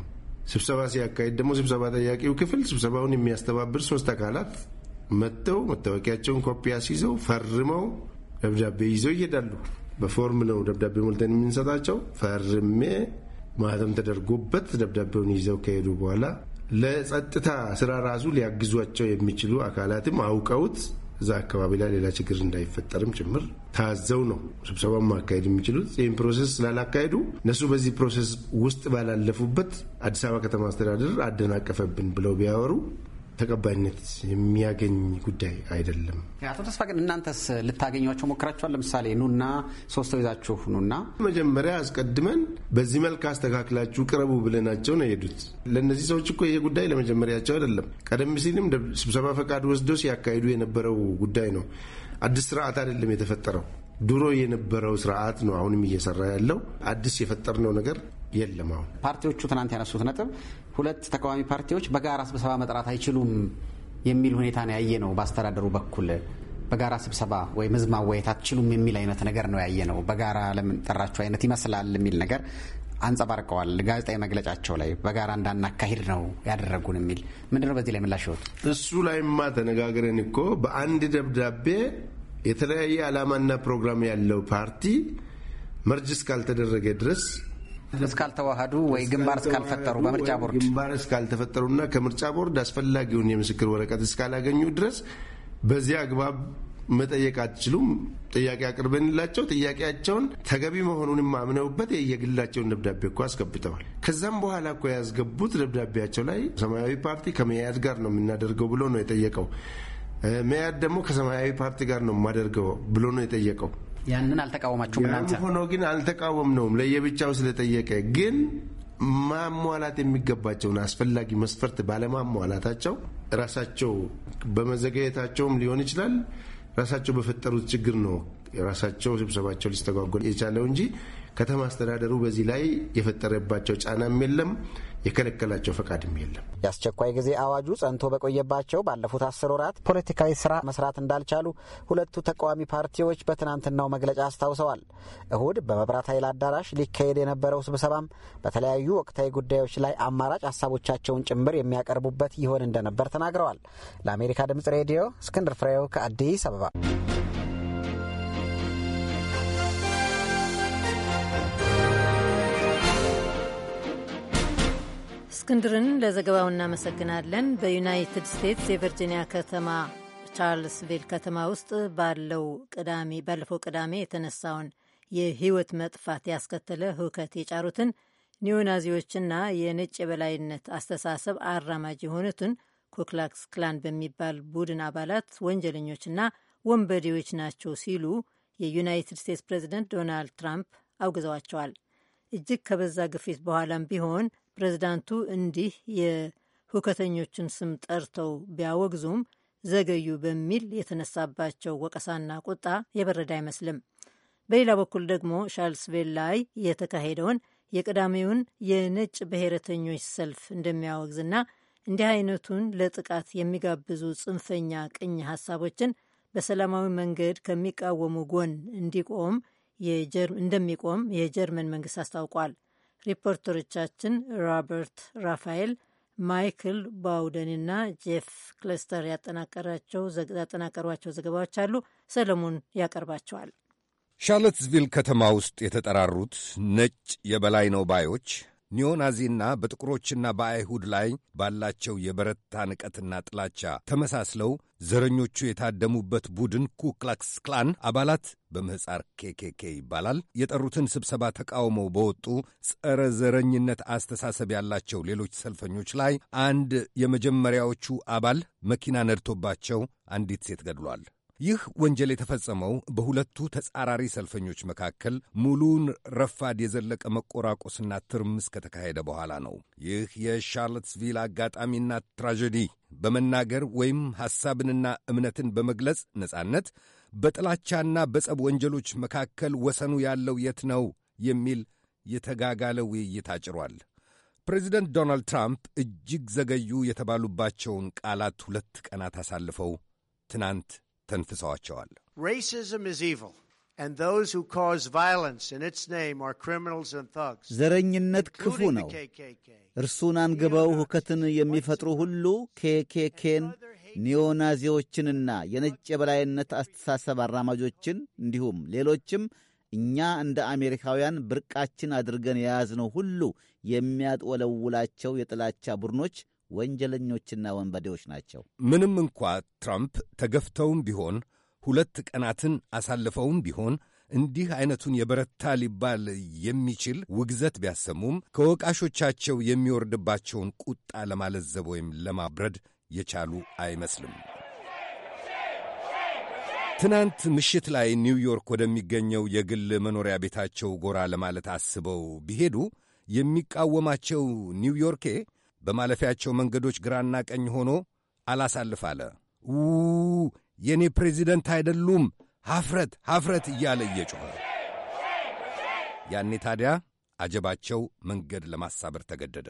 ስብሰባ ሲያካሄድ ደግሞ ስብሰባ ጠያቂው ክፍል ስብሰባውን የሚያስተባብር ሶስት አካላት መጥተው መታወቂያቸውን ኮፒ ሲይዘው ፈርመው ደብዳቤ ይዘው ይሄዳሉ። በፎርም ነው ደብዳቤ ሞልተን የምንሰጣቸው። ፈርሜ ማህተም ተደርጎበት ደብዳቤውን ይዘው ከሄዱ በኋላ ለጸጥታ ስራ ራሱ ሊያግዟቸው የሚችሉ አካላትም አውቀውት እዛ አካባቢ ላይ ሌላ ችግር እንዳይፈጠርም ጭምር ታዘው ነው ስብሰባ ማካሄድ የሚችሉት። ይህም ፕሮሰስ ስላላካሄዱ እነሱ በዚህ ፕሮሰስ ውስጥ ባላለፉበት አዲስ አበባ ከተማ አስተዳደር አደናቀፈብን ብለው ቢያወሩ ተቀባይነት የሚያገኝ ጉዳይ አይደለም። አቶ ተስፋ ግን እናንተስ ልታገኟቸው ሞክራችኋል? ለምሳሌ ኑና ሶስት ይዛችሁ ኑና መጀመሪያ አስቀድመን በዚህ መልክ አስተካክላችሁ ቅረቡ ብለናቸው ነው የሄዱት። ለእነዚህ ሰዎች እኮ ይሄ ጉዳይ ለመጀመሪያቸው አይደለም። ቀደም ሲልም ስብሰባ ፈቃድ ወስደው ሲያካሂዱ የነበረው ጉዳይ ነው። አዲስ ስርዓት አይደለም የተፈጠረው። ድሮ የነበረው ስርዓት ነው አሁንም እየሰራ ያለው። አዲስ የፈጠርነው ነገር የለም። አሁን ፓርቲዎቹ ትናንት ያነሱት ነጥብ ሁለት ተቃዋሚ ፓርቲዎች በጋራ ስብሰባ መጥራት አይችሉም የሚል ሁኔታ ነው ያየ ነው። በአስተዳደሩ በኩል በጋራ ስብሰባ ወይም ህዝብ ማወያየት አትችሉም የሚል አይነት ነገር ነው ያየ ነው። በጋራ ለምን ጠራችሁ አይነት ይመስላል የሚል ነገር አንጸባርቀዋል። ጋዜጣዊ መግለጫቸው ላይ በጋራ እንዳናካሂድ ነው ያደረጉን የሚል ምንድነው? በዚህ ላይ ምላሽ ወጡ። እሱ ላይማ ተነጋግረን እኮ በአንድ ደብዳቤ የተለያየ ዓላማና ፕሮግራም ያለው ፓርቲ መርጅ እስካልተደረገ ድረስ እስካልተዋህዱ ወይ ግንባር እስካልፈጠሩ በምርጫ ቦርድ ግንባር እስካልተፈጠሩና ከምርጫ ቦርድ አስፈላጊውን የምስክር ወረቀት እስካላገኙ ድረስ በዚህ አግባብ መጠየቅ አትችሉም። ጥያቄ አቅርበንላቸው ጥያቄያቸውን ተገቢ መሆኑን አምነውበት የየግላቸውን ደብዳቤ እኮ አስገብተዋል። ከዛም በኋላ እኮ ያስገቡት ደብዳቤያቸው ላይ ሰማያዊ ፓርቲ ከመያያድ ጋር ነው የምናደርገው ብሎ ነው የጠየቀው። መያድ ደግሞ ከሰማያዊ ፓርቲ ጋር ነው የማደርገው ብሎ ነው የጠየቀው። ያንን አልተቃወማችሁም እናንተ? ሆኖ ግን አልተቃወም ነውም ለየብቻው ስለጠየቀ ግን ማሟላት የሚገባቸውን አስፈላጊ መስፈርት ባለማሟላታቸው ራሳቸው በመዘገየታቸውም ሊሆን ይችላል። ራሳቸው በፈጠሩት ችግር ነው ራሳቸው ስብሰባቸው ሊስተጓጎል የቻለው እንጂ ከተማ አስተዳደሩ በዚህ ላይ የፈጠረባቸው ጫናም የለም። የከለከላቸው ፈቃድም የለም። የአስቸኳይ ጊዜ አዋጁ ጸንቶ በቆየባቸው ባለፉት አስር ወራት ፖለቲካዊ ስራ መስራት እንዳልቻሉ ሁለቱ ተቃዋሚ ፓርቲዎች በትናንትናው መግለጫ አስታውሰዋል። እሁድ በመብራት ኃይል አዳራሽ ሊካሄድ የነበረው ስብሰባም በተለያዩ ወቅታዊ ጉዳዮች ላይ አማራጭ ሀሳቦቻቸውን ጭምር የሚያቀርቡበት ይሆን እንደነበር ተናግረዋል። ለአሜሪካ ድምጽ ሬዲዮ እስክንድር ፍሬው ከአዲስ አበባ እስክንድርን ለዘገባው እናመሰግናለን። በዩናይትድ ስቴትስ የቨርጂኒያ ከተማ ቻርልስቪል ከተማ ውስጥ ባለው ቅዳሜ ባለፈው ቅዳሜ የተነሳውን የህይወት መጥፋት ያስከተለ ህውከት የጫሩትን ኒዮናዚዎችና የነጭ የበላይነት አስተሳሰብ አራማጅ የሆኑትን ኩክላክስ ክላን በሚባል ቡድን አባላት ወንጀለኞችና ወንበዴዎች ናቸው ሲሉ የዩናይትድ ስቴትስ ፕሬዚደንት ዶናልድ ትራምፕ አውግዘዋቸዋል። እጅግ ከበዛ ግፊት በኋላም ቢሆን ፕሬዚዳንቱ እንዲህ የሁከተኞችን ስም ጠርተው ቢያወግዙም ዘገዩ በሚል የተነሳባቸው ወቀሳና ቁጣ የበረደ አይመስልም። በሌላ በኩል ደግሞ ሻርልስቬል ላይ የተካሄደውን የቅዳሜውን የነጭ ብሔረተኞች ሰልፍ እንደሚያወግዝና እንዲህ አይነቱን ለጥቃት የሚጋብዙ ጽንፈኛ ቅኝ ሀሳቦችን በሰላማዊ መንገድ ከሚቃወሙ ጎን እንዲቆም እንደሚቆም የጀርመን መንግስት አስታውቋል። ሪፖርተሮቻችን ሮበርት ራፋኤል፣ ማይክል ባውደን እና ጄፍ ክለስተር ያጠናቀሯቸው ዘገባዎች አሉ። ሰለሞን ያቀርባቸዋል። ሻርለትስቪል ከተማ ውስጥ የተጠራሩት ነጭ የበላይ ነው ባዮች ኒዮናዚና በጥቁሮችና በአይሁድ ላይ ባላቸው የበረታ ንቀትና ጥላቻ ተመሳስለው ዘረኞቹ የታደሙበት ቡድን ኩክላክስ ክላን አባላት በምሕፃር ኬኬኬ ይባላል። የጠሩትን ስብሰባ ተቃውመው በወጡ ጸረ ዘረኝነት አስተሳሰብ ያላቸው ሌሎች ሰልፈኞች ላይ አንድ የመጀመሪያዎቹ አባል መኪና ነድቶባቸው አንዲት ሴት ገድሏል። ይህ ወንጀል የተፈጸመው በሁለቱ ተጻራሪ ሰልፈኞች መካከል ሙሉውን ረፋድ የዘለቀ መቆራቆስና ትርምስ ከተካሄደ በኋላ ነው። ይህ የሻርሎትስቪል አጋጣሚና ትራጀዲ በመናገር ወይም ሐሳብንና እምነትን በመግለጽ ነጻነት በጥላቻና በጸብ ወንጀሎች መካከል ወሰኑ ያለው የት ነው የሚል የተጋጋለ ውይይት አጭሯል። ፕሬዚደንት ዶናልድ ትራምፕ እጅግ ዘገዩ የተባሉባቸውን ቃላት ሁለት ቀናት አሳልፈው ትናንት ተንፍሰዋቸዋል። ዘረኝነት ክፉ ነው። እርሱን አንግበው ሁከትን የሚፈጥሩ ሁሉ ኬኬኬን፣ ኒዮናዚዎችንና የነጭ የበላይነት አስተሳሰብ አራማጆችን እንዲሁም ሌሎችም እኛ እንደ አሜሪካውያን ብርቃችን አድርገን የያዝነው ሁሉ የሚያጥወለውላቸው የጥላቻ ቡድኖች ወንጀለኞችና ወንበዴዎች ናቸው። ምንም እንኳ ትራምፕ ተገፍተውም ቢሆን ሁለት ቀናትን አሳልፈውም ቢሆን እንዲህ አይነቱን የበረታ ሊባል የሚችል ውግዘት ቢያሰሙም ከወቃሾቻቸው የሚወርድባቸውን ቁጣ ለማለዘብ ወይም ለማብረድ የቻሉ አይመስልም። ትናንት ምሽት ላይ ኒውዮርክ ወደሚገኘው የግል መኖሪያ ቤታቸው ጎራ ለማለት አስበው ቢሄዱ የሚቃወማቸው ኒውዮርኬ በማለፊያቸው መንገዶች ግራና ቀኝ ሆኖ አላሳልፍ አለ። ው የእኔ ፕሬዚደንት አይደሉም፣ ሐፍረት ሐፍረት እያለ እየጮኸ ያኔ ታዲያ አጀባቸው መንገድ ለማሳበር ተገደደ።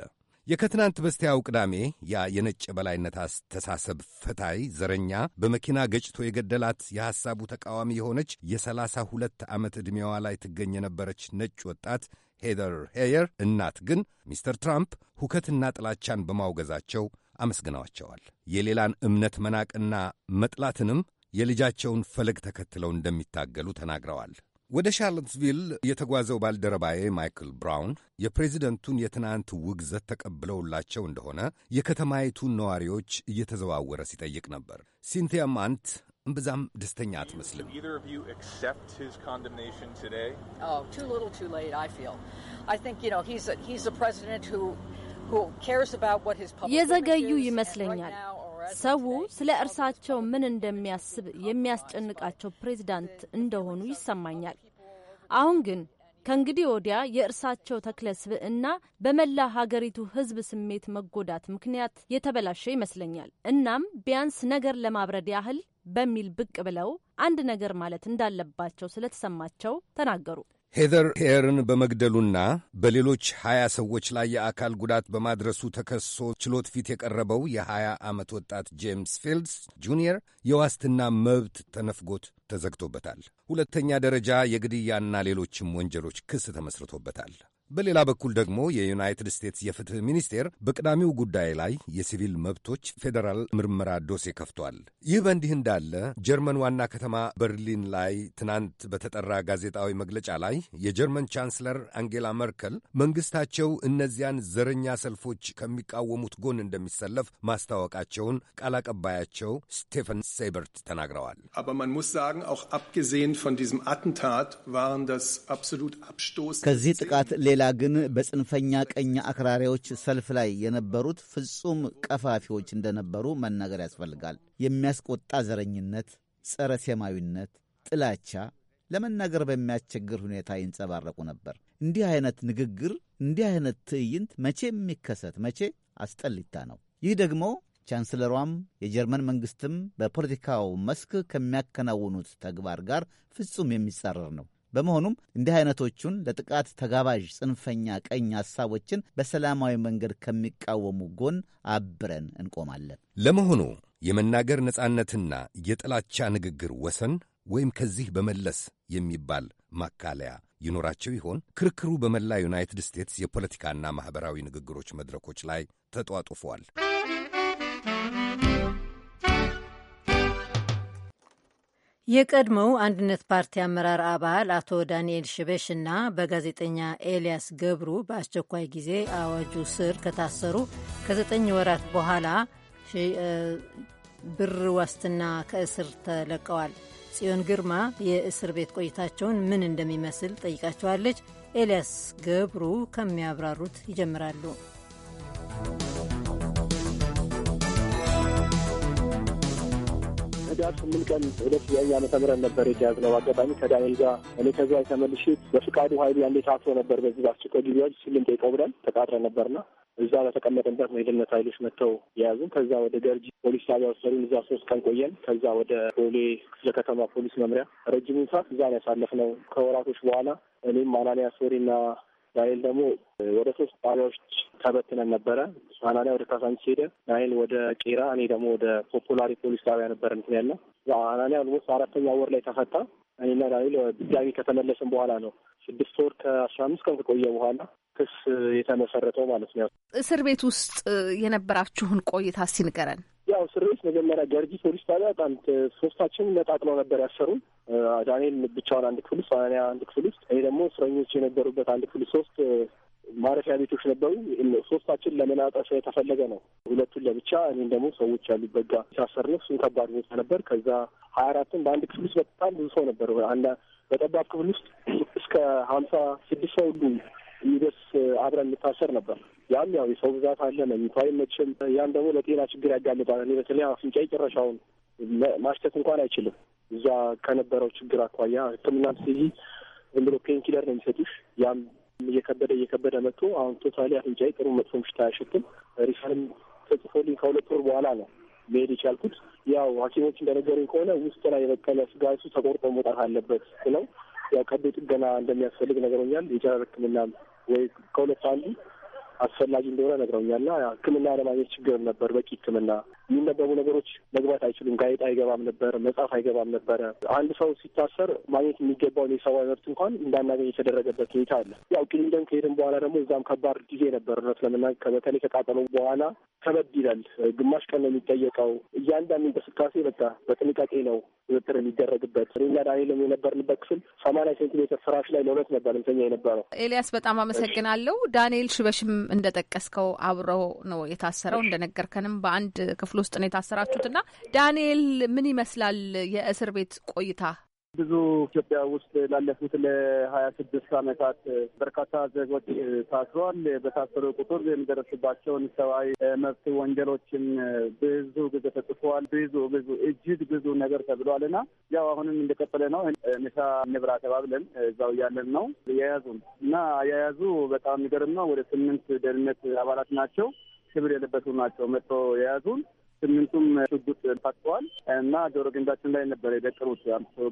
የከትናንት በስቲያው ቅዳሜ ያ የነጭ የበላይነት አስተሳሰብ ፈታይ ዘረኛ በመኪና ገጭቶ የገደላት የሐሳቡ ተቃዋሚ የሆነች የሰላሳ ሁለት ዓመት ዕድሜዋ ላይ ትገኝ የነበረች ነጭ ወጣት ሄደር ሄየር እናት ግን ሚስተር ትራምፕ ሁከትና ጥላቻን በማውገዛቸው አመስግነዋቸዋል። የሌላን እምነት መናቅና መጥላትንም የልጃቸውን ፈለግ ተከትለው እንደሚታገሉ ተናግረዋል። ወደ ሻርሎትስቪል የተጓዘው ባልደረባዬ ማይክል ብራውን የፕሬዚደንቱን የትናንት ውግዘት ተቀብለውላቸው እንደሆነ የከተማይቱን ነዋሪዎች እየተዘዋወረ ሲጠይቅ ነበር። ሲንቲያ ማንት እምብዛም ደስተኛ አትመስልም። የዘገዩ ይመስለኛል። ሰው ስለ እርሳቸው ምን እንደሚያስብ የሚያስጨንቃቸው ፕሬዝዳንት እንደሆኑ ይሰማኛል። አሁን ግን ከእንግዲህ ወዲያ የእርሳቸው ተክለ ስብዕና በመላ ሀገሪቱ ሕዝብ ስሜት መጎዳት ምክንያት የተበላሸ ይመስለኛል። እናም ቢያንስ ነገር ለማብረድ ያህል በሚል ብቅ ብለው አንድ ነገር ማለት እንዳለባቸው ስለተሰማቸው ተናገሩ። ሄዘር ሄርን በመግደሉና በሌሎች ሀያ ሰዎች ላይ የአካል ጉዳት በማድረሱ ተከሶ ችሎት ፊት የቀረበው የሀያ ዓመት ወጣት ጄምስ ፊልድስ ጁኒየር የዋስትና መብት ተነፍጎት ተዘግቶበታል። ሁለተኛ ደረጃ የግድያና ሌሎችም ወንጀሎች ክስ ተመስርቶበታል። በሌላ በኩል ደግሞ የዩናይትድ ስቴትስ የፍትህ ሚኒስቴር በቅዳሜው ጉዳይ ላይ የሲቪል መብቶች ፌዴራል ምርመራ ዶሴ ከፍቷል። ይህ በእንዲህ እንዳለ ጀርመን ዋና ከተማ በርሊን ላይ ትናንት በተጠራ ጋዜጣዊ መግለጫ ላይ የጀርመን ቻንስለር አንጌላ መርከል መንግስታቸው እነዚያን ዘረኛ ሰልፎች ከሚቃወሙት ጎን እንደሚሰለፍ ማስታወቃቸውን ቃል አቀባያቸው ስቴፈን ሴበርት ተናግረዋል። ከዚህ ጥቃት ሌላ ግን በጽንፈኛ ቀኝ አክራሪዎች ሰልፍ ላይ የነበሩት ፍጹም ቀፋፊዎች እንደነበሩ መናገር ያስፈልጋል። የሚያስቆጣ ዘረኝነት፣ ጸረ ሴማዊነት፣ ጥላቻ ለመናገር በሚያስቸግር ሁኔታ ይንጸባረቁ ነበር። እንዲህ አይነት ንግግር፣ እንዲህ አይነት ትዕይንት መቼ የሚከሰት መቼ አስጠሊታ ነው። ይህ ደግሞ ቻንስለሯም የጀርመን መንግስትም በፖለቲካው መስክ ከሚያከናውኑት ተግባር ጋር ፍጹም የሚጻረር ነው። በመሆኑም እንዲህ አይነቶቹን ለጥቃት ተጋባዥ ጽንፈኛ ቀኝ ሐሳቦችን በሰላማዊ መንገድ ከሚቃወሙ ጎን አብረን እንቆማለን። ለመሆኑ የመናገር ነጻነትና የጥላቻ ንግግር ወሰን ወይም ከዚህ በመለስ የሚባል ማካለያ ይኖራቸው ይሆን? ክርክሩ በመላ ዩናይትድ ስቴትስ የፖለቲካና ማኅበራዊ ንግግሮች መድረኮች ላይ ተጧጡፏል። የቀድሞው አንድነት ፓርቲ አመራር አባል አቶ ዳንኤል ሽበሽ እና በጋዜጠኛ ኤልያስ ገብሩ በአስቸኳይ ጊዜ አዋጁ ስር ከታሰሩ ከዘጠኝ ወራት በኋላ ብር ዋስትና ከእስር ተለቀዋል። ጽዮን ግርማ የእስር ቤት ቆይታቸውን ምን እንደሚመስል ጠይቃቸዋለች። ኤልያስ ገብሩ ከሚያብራሩት ይጀምራሉ። ህዳር ስምንት ቀን ሁለት ዘጠኝ ዓመተ ምህረት ነበር የተያዝነው። አጋጣሚ ከዳንኤል ጋር እኔ ከዚያ የተመልሼ በፍቃዱ ኃይሉ ያኔ ታስሮ ነበር። በዚህ በአስቸኳይ ጊዜዎች ስልም ጠይቀው ብለን ተቃጥረን ነበርና እዛ በተቀመጥንበት ነው የደህንነት ኃይሎች መጥተው የያዙን። ከዛ ወደ ገርጂ ፖሊስ ጣቢያ ወሰዱን። እዛ ሶስት ቀን ቆየን። ከዛ ወደ ቦሌ ክፍለ ከተማ ፖሊስ መምሪያ ረጅሙን ሰዓት እዛ ነው ያሳለፍነው። ከወራቶች በኋላ እኔም አናንያ ሶሪና ናይል ደግሞ ወደ ሶስት ጣቢያዎች ተበትነን ነበረ። አናንያ ወደ ካሳንቺስ ሄደ፣ ናይል ወደ ቄራ፣ እኔ ደግሞ ወደ ፖፑላሪ ፖሊስ ጣቢያ ነበር እንትን ያለ። አናንያ ልሞስ አራተኛ ወር ላይ ተፈታ። እኔና ናይል ድጋሚ ከተመለስን በኋላ ነው ስድስት ወር ከአስራ አምስት ቀን ከቆየ በኋላ ክስ የተመሰረተው ማለት ነው። እስር ቤት ውስጥ የነበራችሁን ቆይታ ሲንገረን ያው እስረኞች መጀመሪያ ገርጂ ፖሊስ ጣቢያ በጣም ሶስታችን ነጣጥለው ነበር ያሰሩን። ዳንኤል ብቻውን አንድ ክፍል ውስጥ፣ አናንያ አንድ ክፍል ውስጥ፣ እኔ ደግሞ እስረኞች የነበሩበት አንድ ክፍል ሶስት ማረፊያ ቤቶች ነበሩ። ሶስታችን ለመናጠስ የተፈለገ ነው። ሁለቱን ለብቻ እኔም ደግሞ ሰዎች ያሉበት ጋ ሳሰር ነው። እሱም ከባድ ሁኔታ ነበር። ከዛ ሀያ አራትን በአንድ ክፍል ውስጥ በጣም ብዙ ሰው ነበር። በጠባብ ክፍል ውስጥ እስከ ሀምሳ ስድስት ሰው ሁሉ የሚደርስ አብረን እንታሰር ነበር። ያም ያው የሰው ብዛት አለ፣ መኝታ መችም ያም ደግሞ ለጤና ችግር ያጋልጣል። እኔ በተለይ አፍንጫ ጭራሻውን ማሽተት እንኳን አይችልም። እዛ ከነበረው ችግር አኳያ ሕክምናም ስይ ዝም ብሎ ፔንኪለር ነው የሚሰጡሽ። ያም እየከበደ እየከበደ መጥቶ አሁን ቶታሊ አፍንጫ ጥሩ መጥፎ ምሽታ አያሸትም። ሪፈርም ተጽፎልኝ ከሁለት ወር በኋላ ነው መሄድ የቻልኩት። ያው ሐኪሞች እንደነገሩኝ ከሆነ ውስጥ ላይ የበቀለ ስጋሱ ተቆርጦ መውጣት አለበት ብለው ያው ቀዶ ጥገና እንደሚያስፈልግ ነገሮኛል። የጨረር ሕክምና ወይ ከሁለት አንዱ አስፈላጊ እንደሆነ ነግረውኛልና ሕክምና ለማግኘት ችግር ነበር። በቂ ሕክምና የሚነበቡ ነገሮች መግባት አይችሉም። ጋዜጣ አይገባም ነበር፣ መጽሐፍ አይገባም ነበረ። አንድ ሰው ሲታሰር ማግኘት የሚገባውን የሰብአዊ መብት እንኳን እንዳናገኝ የተደረገበት ሁኔታ አለ። ያው ቂሊንጦን ከሄድን በኋላ ደግሞ እዛም ከባድ ጊዜ ነበር። እውነት ለመናገር ከበተለይ ከቃጠሎ በኋላ ከበድ ይላል። ግማሽ ቀን ነው የሚጠየቀው። እያንዳንዱ እንቅስቃሴ በቃ በጥንቃቄ ነው ቁጥጥር የሚደረግበት። እኔና ዳንኤልም የነበርንበት ክፍል ሰማንያ ሴንቲሜትር ፍራሽ ላይ ለሁለት ነበር እንተኛ የነበረው። ኤልያስ በጣም አመሰግናለሁ። ዳንኤል ሽበሽም እንደጠቀስከው አብረው ነው የታሰረው። እንደነገርከንም በአንድ ክፍል ውስጥ ነው የታሰራችሁት እና ዳንኤል ምን ይመስላል የእስር ቤት ቆይታ ብዙ ኢትዮጵያ ውስጥ ላለፉት ለሀያ ስድስት ዓመታት በርካታ ዜጎች ታስሯል። በታሰሩ ቁጥር የሚደረስባቸውን ሰብአዊ መብት ወንጀሎችን ብዙ ጊዜ ተጽፏል። ብዙ ብዙ እጅግ ብዙ ነገር ተብሏል እና ያው አሁንም እንደቀጠለ ነው። ምሳ ንብራ ተባብለን እዛው እያለን ነው የያዙ እና አያያዙ በጣም የሚገርም ነው። ወደ ስምንት ደህንነት አባላት ናቸው፣ ክብር የለበሱ ናቸው መጥቶ የያዙን ስምንቱም ሽጉጥ ታጥቀዋል እና ጆሮ ግንዳችን ላይ ነበር የደቀኑት።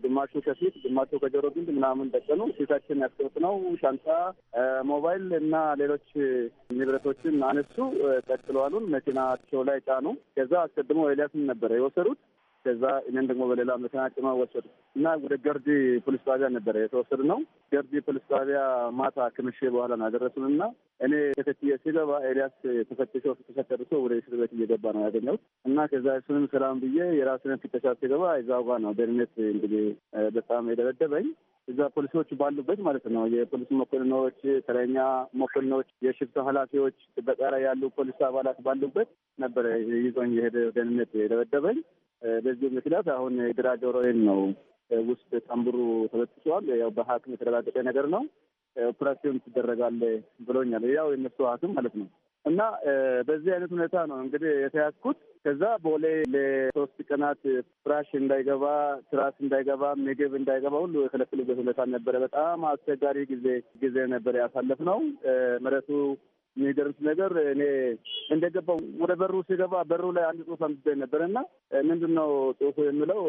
ግማሹ ከፊት ግማሹ ከጆሮ ግንድ ምናምን ደቀኑ። ፊታችን ነው ሻንጣ፣ ሞባይል እና ሌሎች ንብረቶችን አነሱ። ቀጥለዋሉን መኪናቸው ላይ ጫኑ። ከዛ አስቀድሞ ኤልያስን ነበረ የወሰዱት ከዛ እኔን ደግሞ በሌላ መኪና ጭማ ወሰዱ እና ወደ ገርጂ ፖሊስ ጣቢያ ነበረ የተወሰድ ነው። ገርጂ ፖሊስ ጣቢያ ማታ ክምሼ በኋላ ነው ያደረሱን እና እኔ ተከትዬ ሲገባ ኤልያስ ተፈትሾ ፍተሻ ወደ እስር ቤት እየገባ ነው ያገኘሁት እና ከዛ እሱንም ሰላም ብዬ የራስን ፍተሻ ሲገባ እዛው ጋር ነው ደህንነት እንግዲህ በጣም የደበደበኝ እዛ ፖሊሶች ባሉበት ማለት ነው። የፖሊስ መኮንኖች፣ ተረኛ መኮንኖች፣ የሽፍት ኃላፊዎች፣ ጥበቃ ላይ ያሉ ፖሊስ አባላት ባሉበት ነበረ ይዞኝ የሄደ ደህንነት የደበደበኝ። በዚህ ምክንያት አሁን የግራ ጆሮዬን ነው ውስጥ ታምቡሩ ተበጥሷል። ያው በሐኪም የተረጋገጠ ነገር ነው። ኦፕራሲዮን ትደረጋለ ብሎኛል። ያው የነሱ ሐኪም ማለት ነው። እና በዚህ አይነት ሁኔታ ነው እንግዲህ የተያዝኩት። ከዛ ቦሌ ለሶስት ቀናት ፍራሽ እንዳይገባ፣ ትራስ እንዳይገባ፣ ምግብ እንዳይገባ ሁሉ የከለከሉበት ሁኔታ ነበረ። በጣም አስቸጋሪ ጊዜ ጊዜ ነበር ያሳለፍ ነው መረቱ የሚደርስ ነገር እኔ እንደገባው ወደ በሩ ሲገባ በሩ ላይ አንድ ጽሁፍ አንብቤ ነበር እና ምንድን ነው ጽሁፉ የምለው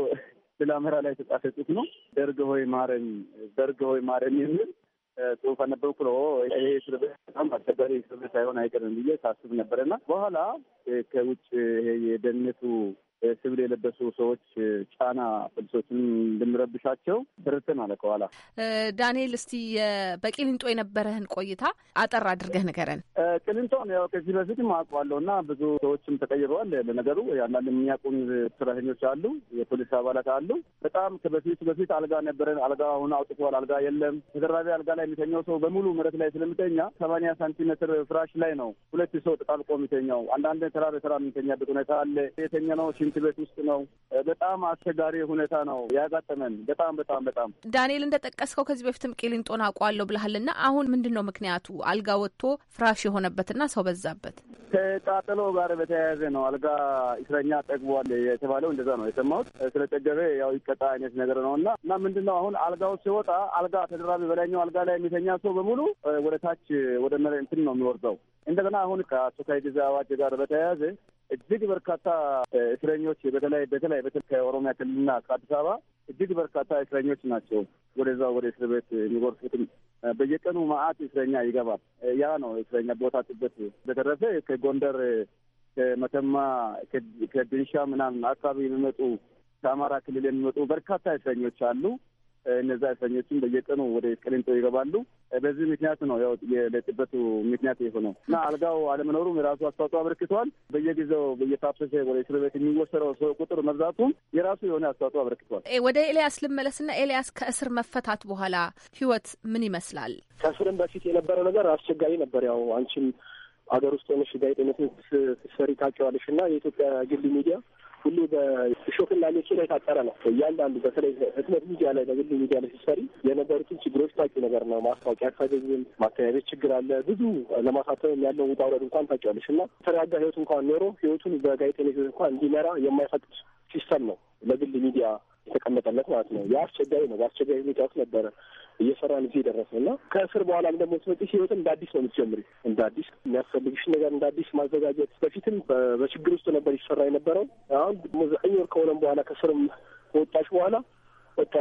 ስለ አምራ ላይ የተጻፈ ጽሁፍ ነው። ደርግ ሆይ ማረኝ፣ ደርግ ሆይ ማረኝ የሚል ጽሁፍ አነበብኩ። ሎ ይሄ እስር ቤት በጣም አስቸጋሪ እስር ቤት ሳይሆን አይቀርም ብዬ ሳስብ ነበርና በኋላ ከውጭ ይሄ የደህንነቱ ስብል የለበሱ ሰዎች ጫና ፖሊሶችን እንድንረብሻቸው ድርትን አለ። ከኋላ ዳንኤል፣ እስቲ በቅሊንጦ የነበረህን ቆይታ አጠር አድርገህ ንገረን። ቂሊንጦን ያው ከዚህ በፊትም አውቀዋለሁ እና ብዙ ሰዎችም ተቀይረዋል። ለነገሩ አንዳንድ የሚያውቁን ስራተኞች አሉ፣ የፖሊስ አባላት አሉ። በጣም ከበፊት በፊት አልጋ ነበረን። አልጋ አሁን አውጥተዋል። አልጋ የለም። ተደራቢ አልጋ ላይ የሚተኛው ሰው በሙሉ መሬት ላይ ስለሚተኛ ሰማንያ ሳንቲሜትር ፍራሽ ላይ ነው ሁለት ሰው ተጣልቆ የሚተኛው። አንዳንድ ተራ በተራ የሚተኛበት ሁኔታ አለ። የተኛ ነው ሽንት ቤት ውስጥ ነው። በጣም አስቸጋሪ ሁኔታ ነው ያጋጠመን። በጣም በጣም በጣም ዳንኤል፣ እንደጠቀስከው ከዚህ በፊትም ቂሊንጦን አውቀዋለሁ እና አሁን ምንድን ነው ምክንያቱ? አልጋ ወጥቶ ፍራሽ የሆነበትና ሰው በዛበት ከቃጠሎ ጋር በተያያዘ ነው። አልጋ እስረኛ ጠግቧል የተባለው እንደዛ ነው የሰማሁት። ስለጠገበ ያው ይቀጣ አይነት ነገር ነው እና እና ምንድን ነው አሁን አልጋው ሲወጣ አልጋ ተደራቢ በላይኛው አልጋ ላይ የሚተኛ ሰው በሙሉ ወደ ታች ወደ መሬት እንትን ነው የሚወርደው። እንደገና አሁን ከአስቸኳይ ጊዜ አዋጅ ጋር በተያያዘ እጅግ በርካታ እስረኞች በተለይ በተለይ በተለይ ከኦሮሚያ ክልልና ከአዲስ አበባ እጅግ በርካታ እስረኞች ናቸው ወደዛ ወደ እስር ቤት የሚጎርፉትም በየቀኑ ማአት እስረኛ ይገባል። ያ ነው እስረኛ ቦታ ጥበት። በተረፈ ከጎንደር ከመተማ፣ ከድንሻ ምናምን አካባቢ የሚመጡ ከአማራ ክልል የሚመጡ በርካታ እስረኞች አሉ። እነዛ እስረኞችም በየቀኑ ወደ ቅሊንጦ ይገባሉ። በዚህ ምክንያት ነው ያው ለጥበቱ ምክንያት የሆነው እና አልጋው አለመኖሩም የራሱ አስተዋጽኦ አበርክተዋል። በየጊዜው በየታፈሰ ወደ እስር ቤት የሚወሰደው ሰው ቁጥር መብዛቱም የራሱ የሆነ አስተዋጽኦ አበርክተዋል። ወደ ኤልያስ ልመለስና ኤልያስ ከእስር መፈታት በኋላ ህይወት ምን ይመስላል? ከእስርም በፊት የነበረው ነገር አስቸጋሪ ነበር። ያው አንቺም ሀገር ውስጥ ሆነሽ ጋዜጠኝነት ስትሰሪ ታውቂዋለሽ እና የኢትዮጵያ ግል ሚዲያ ሁሉ በሾክና ሌኪ ላይ ታጠረ ነው። እያንዳንዱ በተለይ ህትመት ሚዲያ ላይ በግል ሚዲያ ላይ ሲሰሪ የነበሩትን ችግሮች ታቂ ነገር ነው። ማስታወቂያ አታገኝም። ማተሚያ ቤት ችግር አለ። ብዙ ለማሳተም ያለው ውጣ ውረድ እንኳን ታውቂዋለሽ። እና ተረጋጋ ህይወት እንኳን ኖሮ ህይወቱን በጋዜጠኝነት ህይወት እንኳን እንዲመራ የማይፈቅድ ሲስተም ነው ለግል ሚዲያ የተቀመጠለት ማለት ነው። ያ አስቸጋሪ ነው። በአስቸጋሪ ሁኔታ ውስጥ ነበረ እየሰራን እዚህ ነው እና ከእስር በኋላ ደግሞ ስመጪ ህይወት እንደ አዲስ ነው የምትጀምሪ። እንደ አዲስ የሚያስፈልግሽ ነገር እንደ አዲስ ማዘጋጀት። በፊትም በችግር ውስጥ ነበር ይሰራ የነበረው። አሁን ዘጠኝ ወር ከሆነም በኋላ ከእስርም ከወጣሽ በኋላ በቃ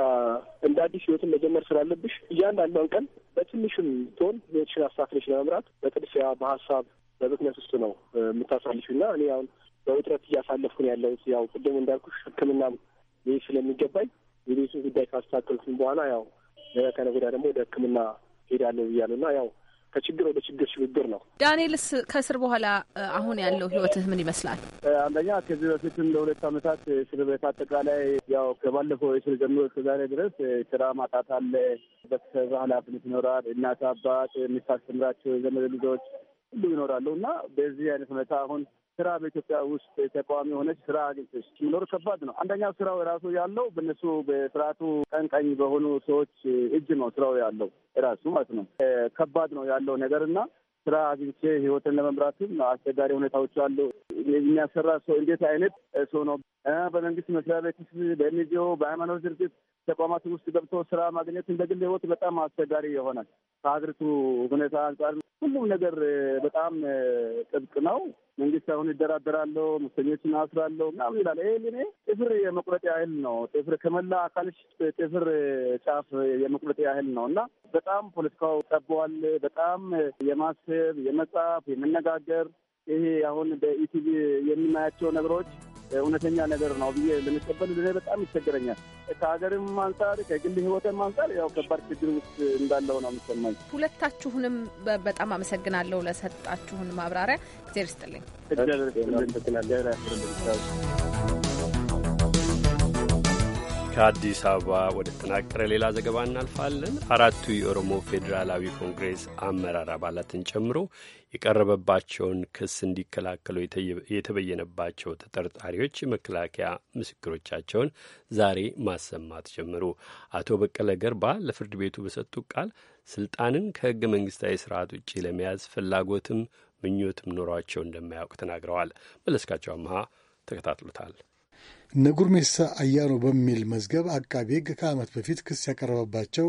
እንደ አዲስ ህይወትን መጀመር ስላለብሽ እያንዳንዷን ቀን በትንሽም ትሆን ህይወትሽን አስተካክለሽ ለመምራት በቅድስያ በሀሳብ በብክነት ውስጥ ነው የምታሳልፊው እና እኔ አሁን በውጥረት እያሳለፍኩን ነው ያለሁት። ያው ቅድም እንዳልኩሽ ህክምና ይህ ስለሚገባኝ የቤቱን ጉዳይ ካስተካከልኩኝ በኋላ ያው ነገ ከነገ ወዲያ ደግሞ ወደ ሕክምና ሄዳለሁ ብያለሁ እና ያው ከችግር ወደ ችግር ሽግግር ነው። ዳንኤልስ ከእስር በኋላ አሁን ያለው ህይወትህ ምን ይመስላል? አንደኛ ከዚህ በፊትም ለሁለት ዓመታት እስር ቤት አጠቃላይ ያው ከባለፈው እስር ጀምሮ እስከዛሬ ድረስ ስራ ማጣት አለ። በተሰብ ኃላፊነት ይኖራል። እናት አባት፣ የምታስተምራቸው የዘመድ ልጆች ሁሉ ይኖራሉ እና በዚህ አይነት ሁኔታ አሁን ስራ በኢትዮጵያ ውስጥ ተቃዋሚ የሆነች ስራ አግኝተሽ ሲኖር ከባድ ነው። አንደኛው ስራው ራሱ ያለው በነሱ በስርዓቱ ቀንቀኝ በሆኑ ሰዎች እጅ ነው ስራው ያለው ራሱ ማለት ነው። ከባድ ነው ያለው ነገር እና ስራ አግኝቼ ህይወትን ለመምራትም አስቸጋሪ ሁኔታዎች አሉ። የሚያሰራ ሰው እንዴት አይነት ሰው ነው? በመንግስት መስሪያ ቤት፣ በኤንጂኦ፣ በሃይማኖት ድርጅት ተቋማት ውስጥ ገብቶ ስራ ማግኘት እንደ ግል ህይወት በጣም አስቸጋሪ ይሆናል። ከሀገሪቱ ሁኔታ አንጻር ሁሉም ነገር በጣም ጥብቅ ነው። መንግስት አሁን ይደራደራለሁ፣ ሙሰኞችን አስራለሁ ምናምን ይላል። ይህ እኔ ጥፍር የመቁረጥ ያህል ነው። ጥፍር ከመላ አካልሽ ጥፍር ጫፍ የመቁረጥ ያህል ነው እና በጣም ፖለቲካው ጠበዋል። በጣም የማሰብ የመጻፍ የመነጋገር ይሄ አሁን በኢቲቪ የምናያቸው ነገሮች እውነተኛ ነገር ነው ብዬ ለመቀበል ለ በጣም ይቸገረኛል። ከሀገርም አንጻር ከግል ህይወትም አንጻር ያው ከባድ ችግር ውስጥ እንዳለው ነው የሚሰማኝ። ሁለታችሁንም በጣም አመሰግናለሁ ለሰጣችሁን ማብራሪያ። እግዜር ይስጥልኝ። ከአዲስ አበባ ወደ ተጠናቀረ ሌላ ዘገባ እናልፋለን። አራቱ የኦሮሞ ፌዴራላዊ ኮንግሬስ አመራር አባላትን ጨምሮ የቀረበባቸውን ክስ እንዲከላከሉ የተበየነባቸው ተጠርጣሪዎች የመከላከያ ምስክሮቻቸውን ዛሬ ማሰማት ጀምሩ። አቶ በቀለ ገርባ ለፍርድ ቤቱ በሰጡ ቃል ስልጣንን ከህገ መንግስታዊ ስርዓት ውጭ ለመያዝ ፍላጎትም ምኞትም ኖሯቸው እንደማያውቅ ተናግረዋል። መለስካቸው አመሀ ተከታትሎታል። ነጉርሜሳ አያኖ በሚል መዝገብ አቃቢ ሕግ ከዓመት በፊት ክስ ያቀረበባቸው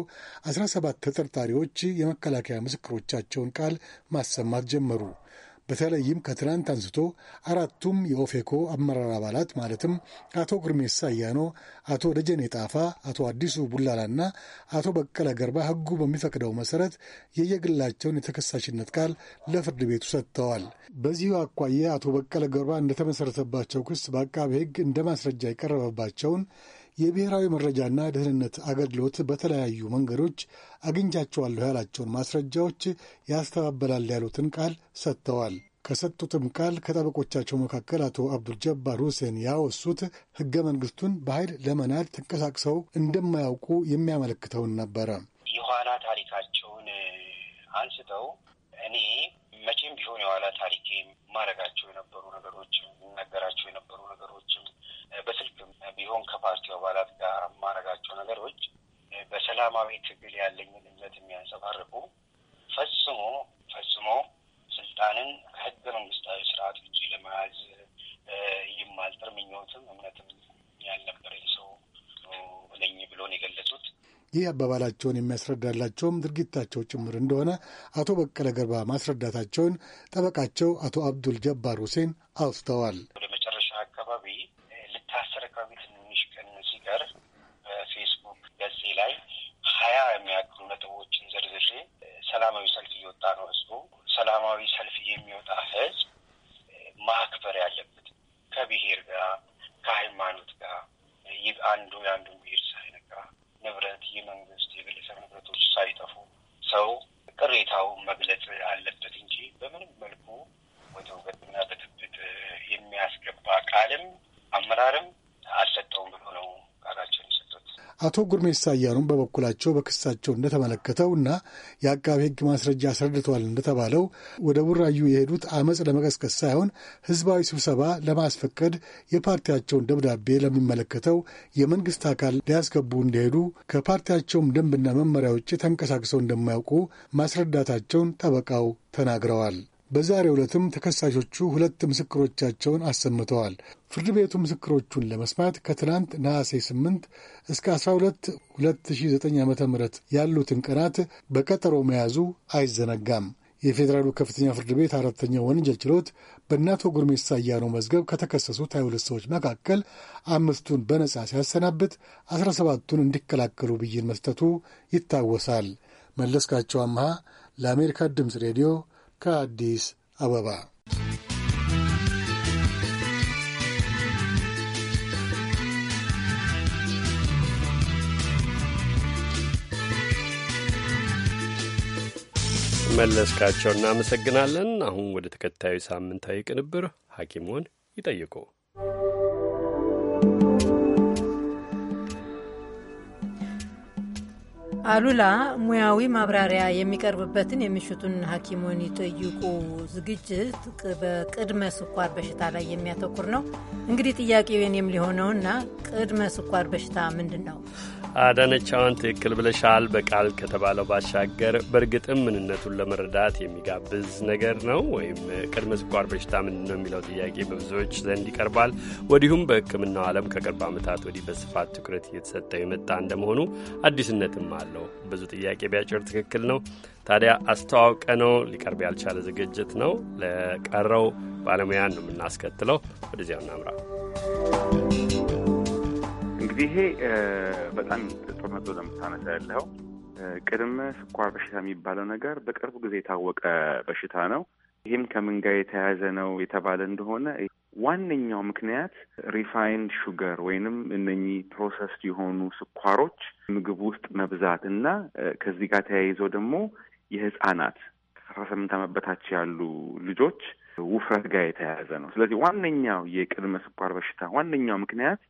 17 ተጠርጣሪዎች የመከላከያ ምስክሮቻቸውን ቃል ማሰማት ጀመሩ። በተለይም ከትናንት አንስቶ አራቱም የኦፌኮ አመራር አባላት ማለትም አቶ ጉርሜሳ አያኖ፣ አቶ ደጀኔ ጣፋ፣ አቶ አዲሱ ቡላላና አቶ በቀለ ገርባ ሕጉ በሚፈቅደው መሰረት የየግላቸውን የተከሳሽነት ቃል ለፍርድ ቤቱ ሰጥተዋል። በዚሁ አኳያ አቶ በቀለ ገርባ እንደተመሰረተባቸው ክስ በአቃቤ ሕግ እንደ ማስረጃ የቀረበባቸውን የብሔራዊ መረጃና ደህንነት አገልግሎት በተለያዩ መንገዶች አግኝቻቸዋለሁ ያላቸውን ማስረጃዎች ያስተባበላል ያሉትን ቃል ሰጥተዋል። ከሰጡትም ቃል ከጠበቆቻቸው መካከል አቶ አብዱልጀባር ሁሴን ያወሱት ህገ መንግስቱን በኃይል ለመናድ ተንቀሳቅሰው እንደማያውቁ የሚያመለክተውን ነበረ። የኋላ ታሪካቸውን አንስተው እኔ መቼም ቢሆን የኋላ ታሪኬ ማድረጋቸው የነበሩ ነገሮችም ይናገራቸው የነበሩ ነገሮችም በስልክ ቢሆን ከፓርቲው አባላት ጋር የማረጋቸው ነገሮች በሰላማዊ ትግል ያለኝን እምነት የሚያንጸባርቁ ፈጽሞ ፈጽሞ ስልጣንን ከህገ መንግስታዊ ስርዓት ውጭ ለመያዝ ይማልጥር ምኞትም እምነትም ያልነበረኝ ሰው ነኝ ብሎን የገለጹት ይህ አባባላቸውን የሚያስረዳላቸውም ድርጊታቸው ጭምር እንደሆነ አቶ በቀለ ገርባ ማስረዳታቸውን ጠበቃቸው አቶ አብዱል ጀባር ሁሴን አውስተዋል። ወደ ጊዜ ሰላማዊ ሰልፍ እየወጣ ነው ህዝቡ። ሰላማዊ ሰልፍ የሚወጣ ህዝብ ማክበር ያለበት ከብሄር ጋር ከሃይማኖት ጋር አንዱ የአንዱን ብሄር ሳይነካ ንብረት የመንግስት የግለሰብ ንብረቶች ሳይጠፉ ሰው ቅሬታው መግለጽ አለበት እንጂ በምንም መልኩ ወደ ውገትና ብጥብጥ የሚያስገባ ቃልም አመራርም አልሰጠውም ብሎ ነው አቶ ጉርሜሳ አያኖም በበኩላቸው በክሳቸው እንደተመለከተው እና የአቃቤ ሕግ ማስረጃ አስረድተዋል እንደተባለው ወደ ቡራዩ የሄዱት አመፅ ለመቀስቀስ ሳይሆን ህዝባዊ ስብሰባ ለማስፈቀድ የፓርቲያቸውን ደብዳቤ ለሚመለከተው የመንግስት አካል ሊያስገቡ እንደሄዱ ከፓርቲያቸውም ደንብና መመሪያ ውጭ ተንቀሳቅሰው እንደማያውቁ ማስረዳታቸውን ጠበቃው ተናግረዋል። በዛሬ ዕለትም ተከሳሾቹ ሁለት ምስክሮቻቸውን አሰምተዋል። ፍርድ ቤቱ ምስክሮቹን ለመስማት ከትናንት ነሐሴ 8 እስከ 12 2009 ዓ ም ያሉትን ቀናት በቀጠሮ መያዙ አይዘነጋም። የፌዴራሉ ከፍተኛ ፍርድ ቤት አራተኛው ወንጀል ችሎት በእነ አቶ ጉርሜሳ ነው መዝገብ ከተከሰሱት 22 ሰዎች መካከል አምስቱን በነጻ ሲያሰናብት 17ቱን እንዲከላከሉ ብይን መስጠቱ ይታወሳል። መለስካቸው አምሃ ለአሜሪካ ድምፅ ሬዲዮ ከአዲስ አበባ መለስካቸው እናመሰግናለን። አሁን ወደ ተከታዩ ሳምንታዊ ቅንብር ሐኪሙን ይጠይቁ አሉላ ሙያዊ ማብራሪያ የሚቀርብበትን የምሽቱን ሐኪሙን ይጠይቁ ዝግጅት በቅድመ ስኳር በሽታ ላይ የሚያተኩር ነው። እንግዲህ ጥያቄው የኔም ሊሆነውና ቅድመ ስኳር በሽታ ምንድን ነው? አዳነቻውን ትክክል ብለሻል። በቃል ከተባለው ባሻገር በእርግጥም ምንነቱን ለመረዳት የሚጋብዝ ነገር ነው። ወይም ቅድመ ስኳር በሽታ ምንድን ነው የሚለው ጥያቄ በብዙዎች ዘንድ ይቀርባል። ወዲሁም በሕክምናው ዓለም ከቅርብ ዓመታት ወዲህ በስፋት ትኩረት እየተሰጠው የመጣ እንደመሆኑ አዲስነትም አለው። ነው። ብዙ ጥያቄ ቢያጭር ትክክል ነው። ታዲያ አስተዋውቀ ነው ሊቀርብ ያልቻለ ዝግጅት ነው። ለቀረው ባለሙያን ነው የምናስከትለው። ወደዚያው እናምራ። እንግዲህ ይሄ በጣም ጦርነት ለምታነሳ ያለው ቅድመ ስኳር በሽታ የሚባለው ነገር በቅርቡ ጊዜ የታወቀ በሽታ ነው። ይህም ከምን ጋር የተያያዘ ነው የተባለ እንደሆነ ዋነኛው ምክንያት ሪፋይንድ ሹገር ወይንም እነኚህ ፕሮሰስድ የሆኑ ስኳሮች ምግብ ውስጥ መብዛት እና ከዚህ ጋር ተያይዞ ደግሞ የህጻናት ከአስራ ስምንት ዓመት በታች ያሉ ልጆች ውፍረት ጋር የተያያዘ ነው። ስለዚህ ዋነኛው የቅድመ ስኳር በሽታ ዋነኛው ምክንያት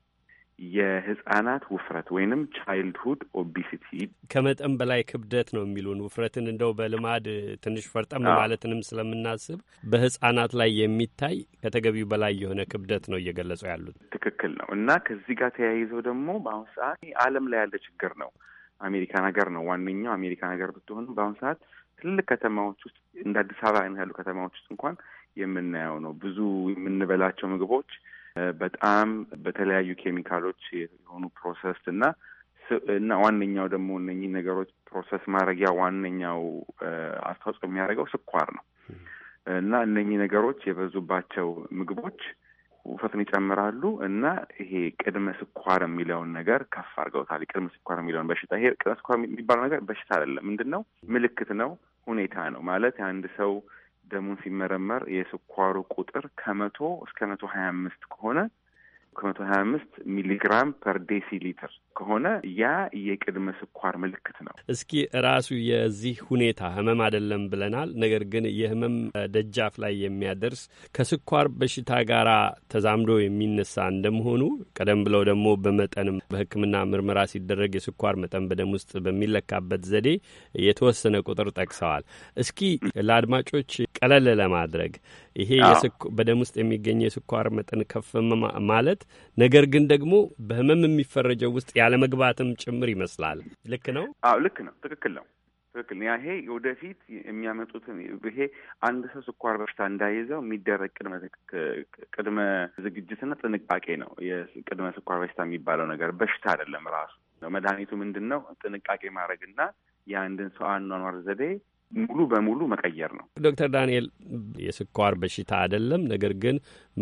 የህጻናት ውፍረት ወይንም ቻይልድሁድ ኦቢሲቲ ከመጠን በላይ ክብደት ነው የሚሉን ውፍረትን እንደው በልማድ ትንሽ ፈርጠም ማለትንም ስለምናስብ በህጻናት ላይ የሚታይ ከተገቢው በላይ የሆነ ክብደት ነው እየገለጹ ያሉት። ትክክል ነው እና ከዚህ ጋር ተያይዘው ደግሞ በአሁኑ ሰዓት ዓለም ላይ ያለ ችግር ነው። አሜሪካን ሀገር ነው ዋነኛው። አሜሪካን ሀገር ብትሆንም በአሁኑ ሰዓት ትልልቅ ከተማዎች ውስጥ እንደ አዲስ አበባ ያሉ ከተማዎች ውስጥ እንኳን የምናየው ነው። ብዙ የምንበላቸው ምግቦች በጣም በተለያዩ ኬሚካሎች የሆኑ ፕሮሰስ እና እና ዋነኛው ደግሞ እነኚህ ነገሮች ፕሮሰስ ማድረጊያ ዋነኛው አስተዋጽኦ የሚያደርገው ስኳር ነው እና እነኚህ ነገሮች የበዙባቸው ምግቦች ውፈትን ይጨምራሉ እና ይሄ ቅድመ ስኳር የሚለውን ነገር ከፍ አድርገውታል። ቅድመ ስኳር የሚለውን በሽታ ይሄ ቅድመ ስኳር የሚባለው ነገር በሽታ አይደለም። ምንድን ነው? ምልክት ነው፣ ሁኔታ ነው። ማለት አንድ ሰው ደሙን ሲመረመር የስኳሩ ቁጥር ከመቶ እስከ መቶ ሀያ አምስት ከሆነ ከመቶ ሀያ አምስት ሚሊግራም ፐር ዴሲ ሊትር ከሆነ ያ የቅድመ ስኳር ምልክት ነው። እስኪ ራሱ የዚህ ሁኔታ ህመም አይደለም ብለናል። ነገር ግን የህመም ደጃፍ ላይ የሚያደርስ ከስኳር በሽታ ጋር ተዛምዶ የሚነሳ እንደመሆኑ ቀደም ብለው ደግሞ በመጠንም በሕክምና ምርመራ ሲደረግ የስኳር መጠን በደም ውስጥ በሚለካበት ዘዴ የተወሰነ ቁጥር ጠቅሰዋል። እስኪ ለአድማጮች ቀለል ለማድረግ ይሄ በደም ውስጥ የሚገኘ የስኳር መጠን ከፍ ማለት ነገር ግን ደግሞ በህመም የሚፈረጀው ውስጥ ያለመግባትም ጭምር ይመስላል። ልክ ነው? አዎ ልክ ነው። ትክክል ነው። ትክክል ይሄ ወደፊት የሚያመጡትን ይሄ አንድ ሰው ስኳር በሽታ እንዳይዘው የሚደረግ ቅድመ ቅድመ ዝግጅትና ጥንቃቄ ነው። የቅድመ ስኳር በሽታ የሚባለው ነገር በሽታ አይደለም ራሱ። መድኃኒቱ ምንድን ነው? ጥንቃቄ ማድረግና የአንድን ሰው አኗኗር ዘዴ ሙሉ በሙሉ መቀየር ነው። ዶክተር ዳንኤል የስኳር በሽታ አይደለም፣ ነገር ግን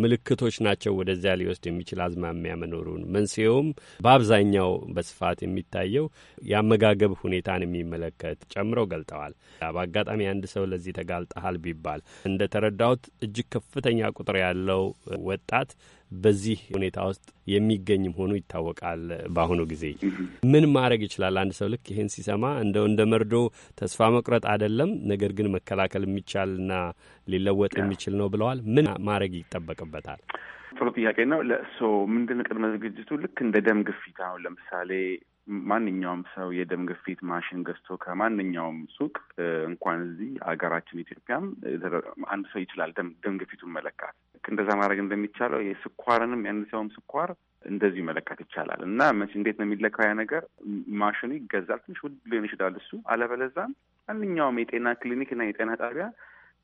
ምልክቶች ናቸው ወደዚያ ሊወስድ የሚችል አዝማሚያ መኖሩን መንስኤውም በአብዛኛው በስፋት የሚታየው የአመጋገብ ሁኔታን የሚመለከት ጨምረው ገልጠዋል። በአጋጣሚ አንድ ሰው ለዚህ ተጋልጠሃል ቢባል እንደ ተረዳሁት እጅግ ከፍተኛ ቁጥር ያለው ወጣት በዚህ ሁኔታ ውስጥ የሚገኝ መሆኑ ይታወቃል። በአሁኑ ጊዜ ምን ማድረግ ይችላል? አንድ ሰው ልክ ይህን ሲሰማ እንደው እንደ መርዶ ተስፋ መቁረጥ አይደለም፣ ነገር ግን መከላከል የሚቻልና ሊለወጥ የሚችል ነው ብለዋል። ምን ማድረግ ይጠበቅበታል? ጥሩ ጥያቄ ነው። ለእሶ ምንድን ቅድመ ዝግጅቱ ልክ እንደ ደም ግፊት አሁን ለምሳሌ ማንኛውም ሰው የደም ግፊት ማሽን ገዝቶ ከማንኛውም ሱቅ እንኳን እዚህ ሀገራችን ኢትዮጵያም አንድ ሰው ይችላል ደም ግፊቱን መለካት። ልክ እንደዛ ማድረግ እንደሚቻለው የስኳርንም የአንድ ሰውም ስኳር እንደዚሁ መለካት ይቻላል። እና እንዴት ነው የሚለካው? ያ ነገር ማሽኑ ይገዛል። ትንሽ ውድ ሊሆን ይችላል እሱ። አለበለዛም ማንኛውም የጤና ክሊኒክ እና የጤና ጣቢያ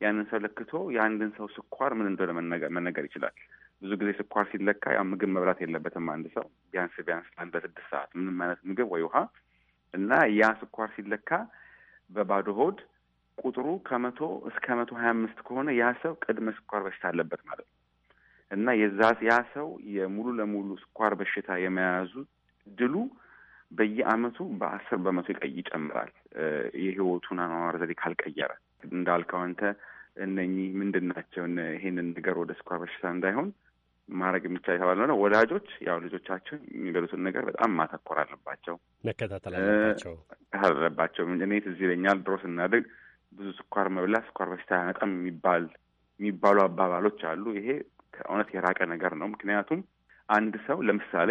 ያንን ሰው ለክቶ የአንድን ሰው ስኳር ምን እንደሆነ መነገር ይችላል። ብዙ ጊዜ ስኳር ሲለካ ያ ምግብ መብላት የለበትም አንድ ሰው ቢያንስ ቢያንስ አንድ ለስድስት ሰዓት ምንም አይነት ምግብ ወይ ውሃ እና ያ ስኳር ሲለካ በባዶ ሆድ ቁጥሩ ከመቶ እስከ መቶ ሀያ አምስት ከሆነ ያ ሰው ቅድመ ስኳር በሽታ አለበት ማለት ነው እና የዛ ያ ሰው የሙሉ ለሙሉ ስኳር በሽታ የመያዙ ድሉ በየአመቱ በአስር በመቶ ይቀይ ይጨምራል የህይወቱን አኗኗር ዘዴ ካልቀየረ እንዳልከው አንተ እነኚህ ምንድን ናቸው? ይሄንን ነገር ወደ ስኳር በሽታ እንዳይሆን ማድረግ የሚቻል የተባለ ነው። ወላጆች ያው ልጆቻቸው የሚበሉትን ነገር በጣም ማተኮር አለባቸው፣ መከታተል አለባቸው አለባቸው። እኔ ትዝ ይለኛል ድሮ ስናድግ ብዙ ስኳር መብላ ስኳር በሽታ ያመጣም የሚባል የሚባሉ አባባሎች አሉ። ይሄ ከእውነት የራቀ ነገር ነው። ምክንያቱም አንድ ሰው ለምሳሌ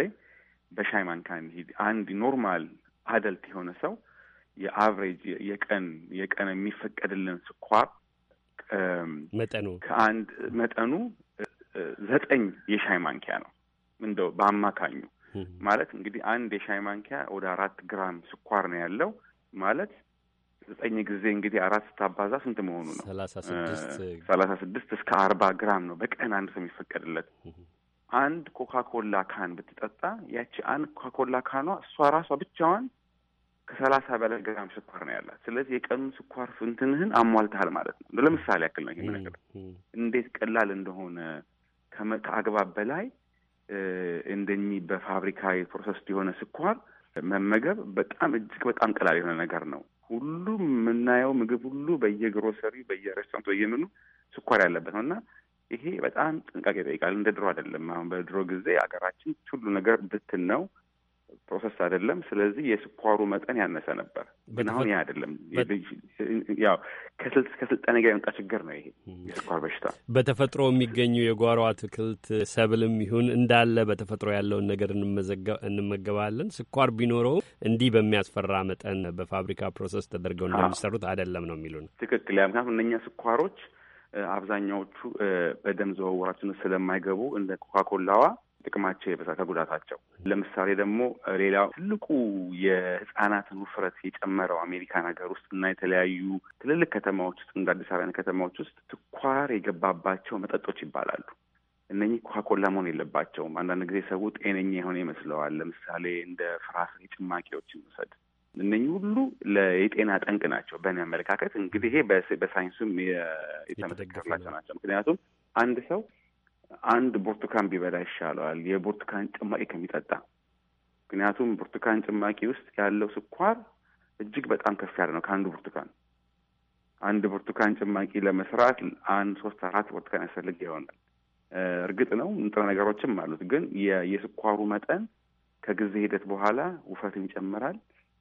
በሻይ ማንካ እንሂድ። አንድ ኖርማል አደልት የሆነ ሰው የአቨሬጅ የቀን የቀን የሚፈቀድልን ስኳር መጠኑ ከአንድ መጠኑ ዘጠኝ የሻይ ማንኪያ ነው። እንደው በአማካኙ ማለት እንግዲህ አንድ የሻይ ማንኪያ ወደ አራት ግራም ስኳር ነው ያለው ማለት ዘጠኝ ጊዜ እንግዲህ አራት ስታባዛ ስንት መሆኑ ነው? ሰላሳ ስድስት እስከ አርባ ግራም ነው በቀን አንድ ሰው የሚፈቀድለት። አንድ ኮካ ኮላ ካን ብትጠጣ ያቺ አንድ ኮካ ኮላ ካኗ እሷ ራሷ ብቻዋን ከሰላሳ በላይ ግራም ስኳር ነው ያላት። ስለዚህ የቀኑን ስኳር ፍንትንህን አሟልተሃል ማለት ነው። ለምሳሌ ያክል ነው ይሄ ነገር እንዴት ቀላል እንደሆነ ከአግባብ በላይ እንደኚ በፋብሪካ የፕሮሰስ የሆነ ስኳር መመገብ በጣም እጅግ በጣም ቀላል የሆነ ነገር ነው። ሁሉም የምናየው ምግብ ሁሉ በየግሮሰሪ፣ በየሬስቶራንት፣ በየምኑ ስኳር ያለበት ነው እና ይሄ በጣም ጥንቃቄ ይጠይቃል። እንደ ድሮ አይደለም። አሁን በድሮ ጊዜ ሀገራችን ሁሉ ነገር ብትን ነው ፕሮሰስ አይደለም። ስለዚህ የስኳሩ መጠን ያነሰ ነበር፣ ግን አሁን ይህ አይደለም። ያው ከስልጣኔ ጋር የመጣ ችግር ነው ይሄ የስኳር በሽታ። በተፈጥሮ የሚገኙ የጓሮ አትክልት ሰብልም ይሁን እንዳለ በተፈጥሮ ያለውን ነገር እንመገባለን። ስኳር ቢኖረው እንዲህ በሚያስፈራ መጠን በፋብሪካ ፕሮሰስ ተደርገው እንደሚሰሩት አይደለም ነው የሚሉን። ትክክል። ያ ምክንያቱም እነኛ ስኳሮች አብዛኛዎቹ በደም ዝውውራችን ስለማይገቡ እንደ ኮካኮላዋ ጥቅማቸው የበዛ ከጉዳታቸው። ለምሳሌ ደግሞ ሌላው ትልቁ የህጻናትን ውፍረት የጨመረው አሜሪካን ሀገር ውስጥ እና የተለያዩ ትልልቅ ከተማዎች ውስጥ እንደ አዲስ አበባ ከተማዎች ውስጥ ስኳር የገባባቸው መጠጦች ይባላሉ። እነኚህ ኮካኮላ መሆን የለባቸውም። አንዳንድ ጊዜ ሰው ጤነኛ የሆነ ይመስለዋል። ለምሳሌ እንደ ፍራፍሬ ጭማቂዎች እንውሰድ። እነኚህ ሁሉ የጤና ጠንቅ ናቸው። በእኔ አመለካከት እንግዲህ ይሄ በሳይንሱም የተመሰከረላቸው ናቸው። ምክንያቱም አንድ ሰው አንድ ብርቱካን ቢበላ ይሻለዋል የብርቱካን ጭማቂ ከሚጠጣ። ምክንያቱም ብርቱካን ጭማቂ ውስጥ ያለው ስኳር እጅግ በጣም ከፍ ያለ ነው ከአንዱ ብርቱካን። አንድ ብርቱካን ጭማቂ ለመስራት አንድ ሶስት አራት ብርቱካን ያስፈልግ ይሆናል። እርግጥ ነው ንጥረ ነገሮችም አሉት፣ ግን የስኳሩ መጠን ከጊዜ ሂደት በኋላ ውፈትን ይጨምራል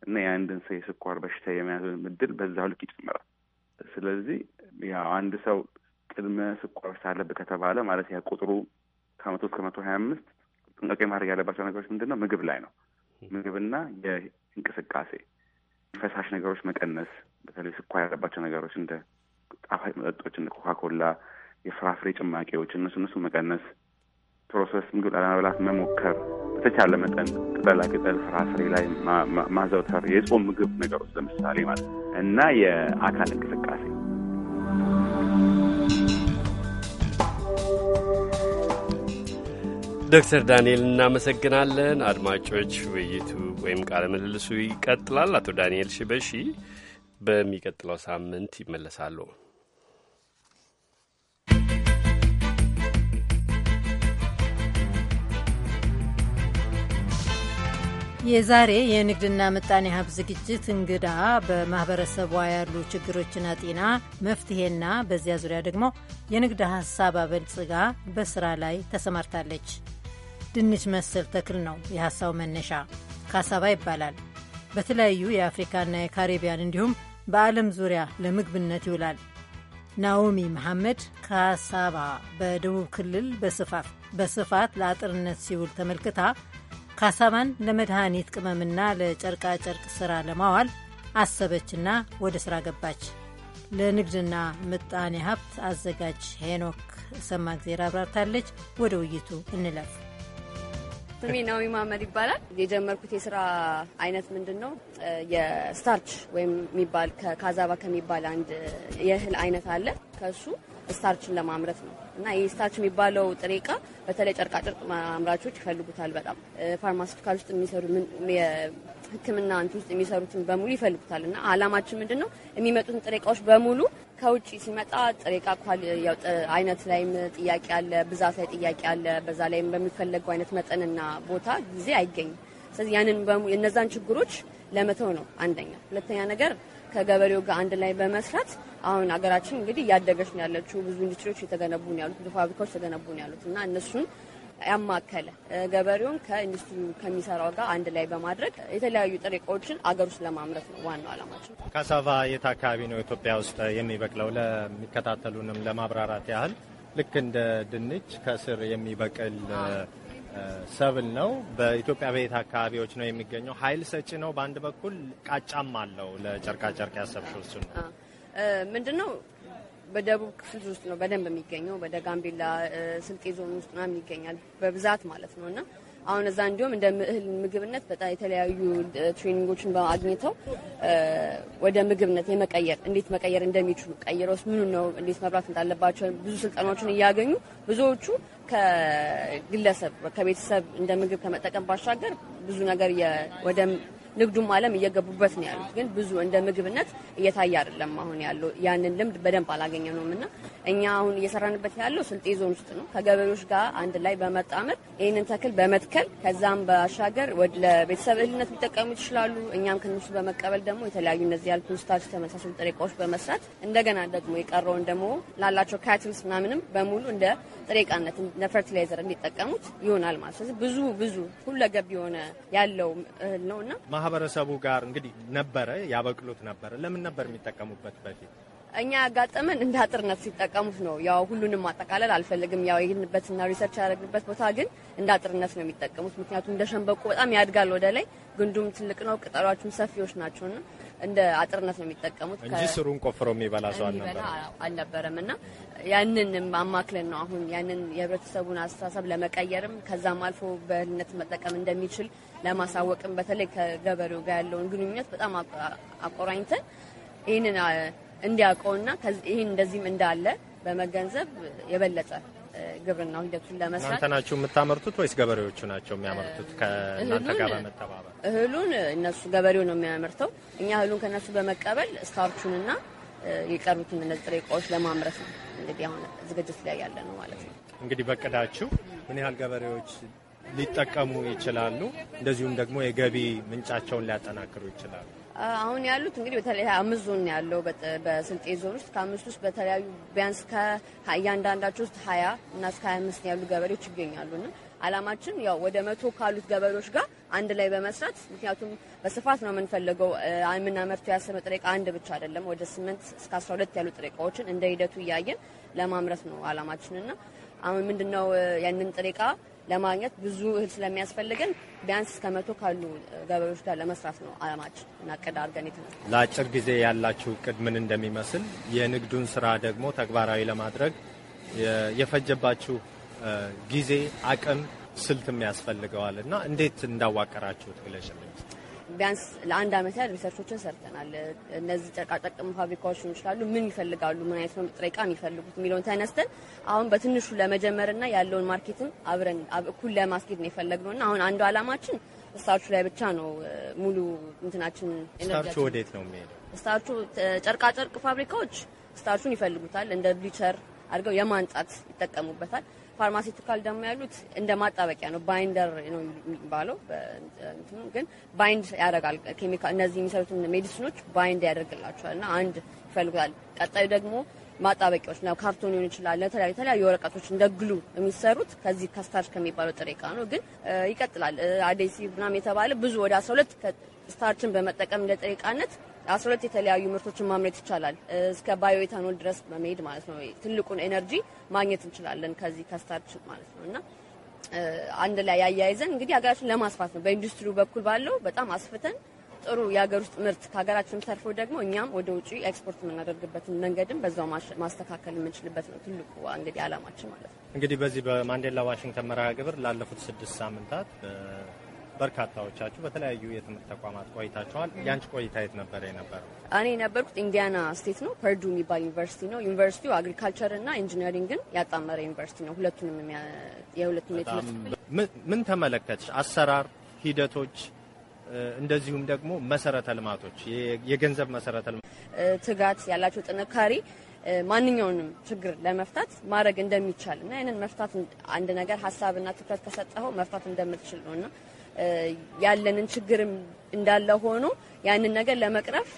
እና የአንድን ሰው የስኳር በሽታ የመያዝ ምድል በዛ ልክ ይጨምራል። ስለዚህ ያው አንድ ሰው ቅድመ ስኳር በሽታ አለብህ ከተባለ ማለት ያ ቁጥሩ ከመቶ እስከ መቶ ሀያ አምስት ጥንቃቄ ማድረግ ያለባቸው ነገሮች ምንድን ነው? ምግብ ላይ ነው። ምግብና የእንቅስቃሴ ፈሳሽ ነገሮች መቀነስ፣ በተለይ ስኳር ያለባቸው ነገሮች እንደ ጣፋጭ መጠጦች እንደ ኮካኮላ፣ የፍራፍሬ ጭማቂዎች እነሱ እነሱ መቀነስ፣ ፕሮሰስ ምግብ ላለመብላት መሞከር፣ በተቻለ መጠን ቅጠላ ቅጠል፣ ፍራፍሬ ላይ ማዘውተር፣ የጾም ምግብ ነገሮች ለምሳሌ ማለት እና የአካል እንቅስቃሴ ዶክተር ዳንኤል እናመሰግናለን። አድማጮች ውይይቱ ወይም ቃለ ምልልሱ ይቀጥላል። አቶ ዳንኤል ሽበሺ በሚቀጥለው ሳምንት ይመለሳሉ። የዛሬ የንግድና ምጣኔ ሀብት ዝግጅት እንግዳ በማህበረሰቧ ያሉ ችግሮችና ጤና መፍትሄና በዚያ ዙሪያ ደግሞ የንግድ ሀሳብ አበልጽጋ በስራ ላይ ተሰማርታለች። ድንች መሰል ተክል ነው የሐሳው መነሻ። ካሳባ ይባላል። በተለያዩ የአፍሪካና የካሪቢያን እንዲሁም በዓለም ዙሪያ ለምግብነት ይውላል። ናኦሚ መሐመድ ካሳባ በደቡብ ክልል በስፋት ለአጥርነት ሲውል ተመልክታ ካሳባን ለመድኃኒት ቅመምና ለጨርቃጨርቅ ሥራ ለማዋል አሰበችና ወደ ሥራ ገባች። ለንግድና ምጣኔ ሀብት አዘጋጅ ሄኖክ ሰማግዜር አብራርታለች። ወደ ውይይቱ እንለፍ። ስሜ ናዊ ማመድ ይባላል። የጀመርኩት የስራ አይነት ምንድን ነው? የስታርች ወይም የሚባል ከካዛባ ከሚባል አንድ የእህል አይነት አለ። ከሱ ስታርችን ለማምረት ነው እና ይህ ስታርች የሚባለው ጥሬ እቃ በተለይ ጨርቃጨርቅ አምራቾች ይፈልጉታል በጣም ፋርማሲቲካል ውስጥ የሚሰሩ ሕክምና አንት ውስጥ የሚሰሩትን በሙሉ ይፈልጉታል እና አላማችን ምንድን ነው? የሚመጡትን ጥሬ እቃዎች በሙሉ ከውጭ ሲመጣ ጥሬ እቃ አይነት ላይም ጥያቄ አለ፣ ብዛት ላይ ጥያቄ አለ። በዛ ላይም በሚፈለገው አይነት መጠንና ቦታ ጊዜ አይገኝም። ስለዚህ ያንን እነዛን ችግሮች ለመተው ነው አንደኛ። ሁለተኛ ነገር ከገበሬው ጋር አንድ ላይ በመስራት አሁን ሀገራችን እንግዲህ እያደገች ነው ያለችው። ብዙ ኢንዱስትሪዎች የተገነቡ ነው ያሉት፣ ብዙ ፋብሪካዎች የተገነቡ ነው ያሉት እና እነሱን ያማከለ ገበሬውን ከኢንዱስትሪ ከሚሰራው ጋር አንድ ላይ በማድረግ የተለያዩ ጥሬ እቃዎችን አገር ውስጥ ለማምረት ነው ዋናው ዓላማችን። ካሳቫ የት አካባቢ ነው ኢትዮጵያ ውስጥ የሚበቅለው? ለሚከታተሉንም ለማብራራት ያህል ልክ እንደ ድንች ከስር የሚበቅል ሰብል ነው። በኢትዮጵያ በየት አካባቢዎች ነው የሚገኘው? ኃይል ሰጪ ነው፣ በአንድ በኩል ቃጫም አለው። ለጨርቃጨርቅ ያሰብሽው እሱ ምንድን ነው በደቡብ ክፍል ውስጥ ነው በደንብ የሚገኘው። ወደ ጋምቤላ ስልጤ ዞን ውስጥ ምናምን ይገኛል በብዛት ማለት ነው እና አሁን እዛ እንዲሁም እንደ እህል ምግብነት በጣም የተለያዩ ትሬኒንጎችን በአግኝተው ወደ ምግብነት የመቀየር እንዴት መቀየር እንደሚችሉ ቀይረውስ ምኑ ነው እንዴት መብራት እንዳለባቸው ብዙ ስልጠናዎችን እያገኙ ብዙዎቹ ከግለሰብ ከቤተሰብ እንደ ምግብ ከመጠቀም ባሻገር ብዙ ነገር ወደ ንግዱም ማለም እየገቡበት ነው ያሉት። ግን ብዙ እንደ ምግብነት እየታየ አይደለም። አሁን ያለው ያንን ልምድ በደንብ አላገኘ ነውም እና እኛ አሁን እየሰራንበት ያለው ስልጤ ዞን ውስጥ ነው ከገበሬዎች ጋር አንድ ላይ በመጣመር ይህንን ተክል በመትከል ከዛም ባሻገር ለቤተሰብ እህልነት ሊጠቀሙ ይችላሉ። እኛም ከነሱ በመቀበል ደግሞ የተለያዩ እነዚህ ያልኩ ስታርች ተመሳሰሉ ጥሬ እቃዎች በመስራት እንደገና ደግሞ የቀረውን ደግሞ ላላቸው ካትልስ ምናምንም በሙሉ እንደ ጥሬ እቃነት እንደ ፈርቲላይዘር እንዲጠቀሙት ይሆናል ማለት ስለዚህ ብዙ ብዙ ሁለገብ የሆነ ያለው እህል ነው እና ከማህበረሰቡ ጋር እንግዲህ ነበረ ያበቅሉት ነበረ። ለምን ነበር የሚጠቀሙበት በፊት? እኛ ያጋጠመን እንደ አጥርነት ሲጠቀሙት ነው። ያው ሁሉንም ማጠቃለል አልፈልግም። ያው ይህንበትና ሪሰርች ያደረግንበት ቦታ ግን እንደ አጥርነት ነው የሚጠቀሙት። ምክንያቱም እንደ ሸንበቆ በጣም ያድጋል ወደ ላይ፣ ግንዱም ትልቅ ነው፣ ቅጠሎቹም ሰፊዎች ናቸውና እንደ አጥርነት ነው የሚጠቀሙት እንጂ ስሩን ቆፍሮ የሚበላ ሰው አልነበረም። እና ያንን አማክለን ነው አሁን ያንን የህብረተሰቡን አስተሳሰብ ለመቀየርም ከዛም አልፎ በእህልነት መጠቀም እንደሚችል ለማሳወቅም በተለይ ከገበሬው ጋር ያለውን ግንኙነት በጣም አቆራኝተን ይህንን እንዲያውቀውና ይህን እንደዚህም እንዳለ በመገንዘብ የበለጠ ግብርና ሂደቱን ለመስራት እናንተ ናችሁ የምታመርቱት ወይስ ገበሬዎቹ ናቸው የሚያመርቱት? ከእናንተ ጋር በመተባበር እህሉን እነሱ ገበሬው ነው የሚያመርተው። እኛ እህሉን ከነሱ በመቀበል ስታርቹንና የቀሩትን እነዚህ ጥሬ እቃዎች ለማምረት ነው እንግዲህ አሁን ዝግጅት ላይ ያለ ነው ማለት ነው። እንግዲህ በቅዳችሁ ምን ያህል ገበሬዎች ሊጠቀሙ ይችላሉ። እንደዚሁም ደግሞ የገቢ ምንጫቸውን ሊያጠናክሩ ይችላሉ። አሁን ያሉት እንግዲህ በተለይ አምስት ዞን ያለው በስልጤ ዞን ውስጥ ከአምስት ውስጥ በተለያዩ ቢያንስ ከእያንዳንዳቸው ውስጥ ሀያ እና እስከ ሀያ አምስት ያሉ ገበሬዎች ይገኛሉ ና አላማችን ያው ወደ መቶ ካሉት ገበሬዎች ጋር አንድ ላይ በመስራት ምክንያቱም በስፋት ነው የምንፈልገው። የምናመርተው ያሰብነው ጥሬ አንድ ብቻ አይደለም። ወደ ስምንት እስከ አስራ ሁለት ያሉ ጥሬ እንደ ሂደቱ እያየን ለማምረት ነው አላማችንና አሁን ምንድነው ያንን ጥሬ ለማግኘት ብዙ እህል ስለሚያስፈልገን ቢያንስ እስከ መቶ ካሉ ገበሬዎች ጋር ለመስራት ነው አላማችን እና እቅድ አድርገን የተነሳ። ለአጭር ጊዜ ያላችሁ እቅድ ምን እንደሚመስል የንግዱን ስራ ደግሞ ተግባራዊ ለማድረግ የፈጀባችሁ ጊዜ፣ አቅም፣ ስልትም ያስፈልገዋል እና እንዴት እንዳዋቀራችሁት ግለጭልኝ። ቢያንስ ለአንድ አመት ያህል ሪሰርቾችን ሰርተናል። እነዚህ ጨርቃጨርቅ ፋብሪካዎች ይችላሉ፣ ምን ይፈልጋሉ፣ ምን አይነት ነው ጥሬ ዕቃ የሚፈልጉት የሚለውን ተነስተን አሁን በትንሹ ለመጀመርና ያለውን ማርኬትን አብረን እኩል ለማስኬድ ነው የፈለግነው እና አሁን አንዱ አላማችን ስታርቹ ላይ ብቻ ነው ሙሉ እንትናችን። ስታርቹ ወዴት ነው የሚሄደው? ስታርቹ ጨርቃጨርቅ ፋብሪካዎች ስታርቹን ይፈልጉታል እንደ ብሊቸር አድርገው የማንጣት ይጠቀሙበታል። ፋርማሲቲካል ደግሞ ያሉት እንደ ማጣበቂያ ነው፣ ባይንደር ነው የሚባለው። ግን ባይንድ ያደርጋል ኬሚካል፣ እነዚህ የሚሰሩትን ሜዲሲኖች ባይንድ ያደርግላቸዋል እና አንድ ይፈልጉታል። ቀጣዩ ደግሞ ማጣበቂያዎች ነው። ካርቶን ሊሆን ይችላል። ለተለያዩ የተለያዩ ወረቀቶች እንደ ግሉ የሚሰሩት ከዚህ ከስታርች ከሚባለው ጥሬ እቃ ነው። ግን ይቀጥላል አዴሲቭ ምናምን የተባለ ብዙ ወደ 12 ስታርችን በመጠቀም እንደ ጥሬ እቃነት አስራ ሁለት የተለያዩ ምርቶችን ማምረት ይቻላል። እስከ ባዮ ድረስ በመሄድ ማለት ነው ትልቁን ኤነርጂ ማግኘት እንችላለን ከዚህ ከስታርች ማለት ነው። እና አንድ ላይ ያያይዘን እንግዲህ ሀገራችን ለማስፋት ነው በኢንዱስትሪው በኩል ባለው በጣም አስፍተን ጥሩ የሀገር ውስጥ ምርት ከሀገራችን ተርፎ ደግሞ እኛም ወደ ውጭ ኤክስፖርት የምናደርግበትን መንገድም በዛው ማስተካከል የምንችልበት ነው ትልቁ እንግዲህ አላማችን ማለት ነው። እንግዲህ በዚህ በማንዴላ ዋሽንግተን መርሃ ግብር ላለፉት ስድስት ሳምንታት በርካታዎቻችሁ በተለያዩ የትምህርት ተቋማት ቆይታችኋል። ያንቺ ቆይታ የት ነበረ የነበረው? እኔ የነበርኩት ኢንዲያና ስቴት ነው። ፐርዱ የሚባል ዩኒቨርሲቲ ነው። ዩኒቨርሲቲው አግሪካልቸርና ኢንጂነሪንግን ያጣመረ ዩኒቨርሲቲ ነው። ሁለቱንም የሁለቱም የትምህርት ምን ተመለከትሽ? አሰራር ሂደቶች እንደዚሁም ደግሞ መሰረተ ልማቶች የገንዘብ መሰረተ ልማት ትጋት ያላቸው ጥንካሬ ማንኛውንም ችግር ለመፍታት ማድረግ እንደሚቻል እና ይህንን መፍታት አንድ ነገር ሀሳብና ትኩረት ከሰጠኸው መፍታት እንደምትችል ነው እና ያለንን ችግርም እንዳለ ሆኖ ያንን ነገር ለመቅረፍ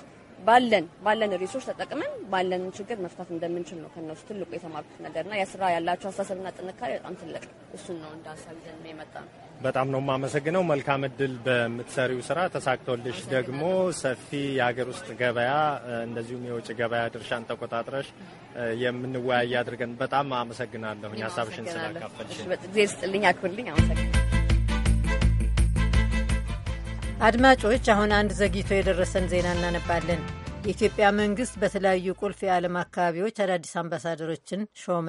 ባለን ባለን ሪሶርስ ተጠቅመን ባለንን ችግር መፍታት እንደምንችል ነው ከነሱ ትልቁ የተማርኩት ነገር ነገርና የስራ ያላቸው አስተሳሰብና ጥንካሬ በጣም ትልቅ እሱን ነው እንዳሳብ ይዘን የመጣ ነው። በጣም ነው የማመሰግነው። መልካም እድል በምትሰሪው ስራ ተሳክቶልሽ ደግሞ ሰፊ የሀገር ውስጥ ገበያ እንደዚሁም የውጭ ገበያ ድርሻን ተቆጣጥረሽ የምንወያይ አድርገን በጣም አመሰግናለሁ ሀሳብሽን ስላካፈልሽ። ጊዜ ስጥልኝ፣ አክብርልኝ። አመሰግናለሁ። አድማጮች፣ አሁን አንድ ዘግይቶ የደረሰን ዜና እናነባለን። የኢትዮጵያ መንግስት በተለያዩ ቁልፍ የዓለም አካባቢዎች አዳዲስ አምባሳደሮችን ሾመ።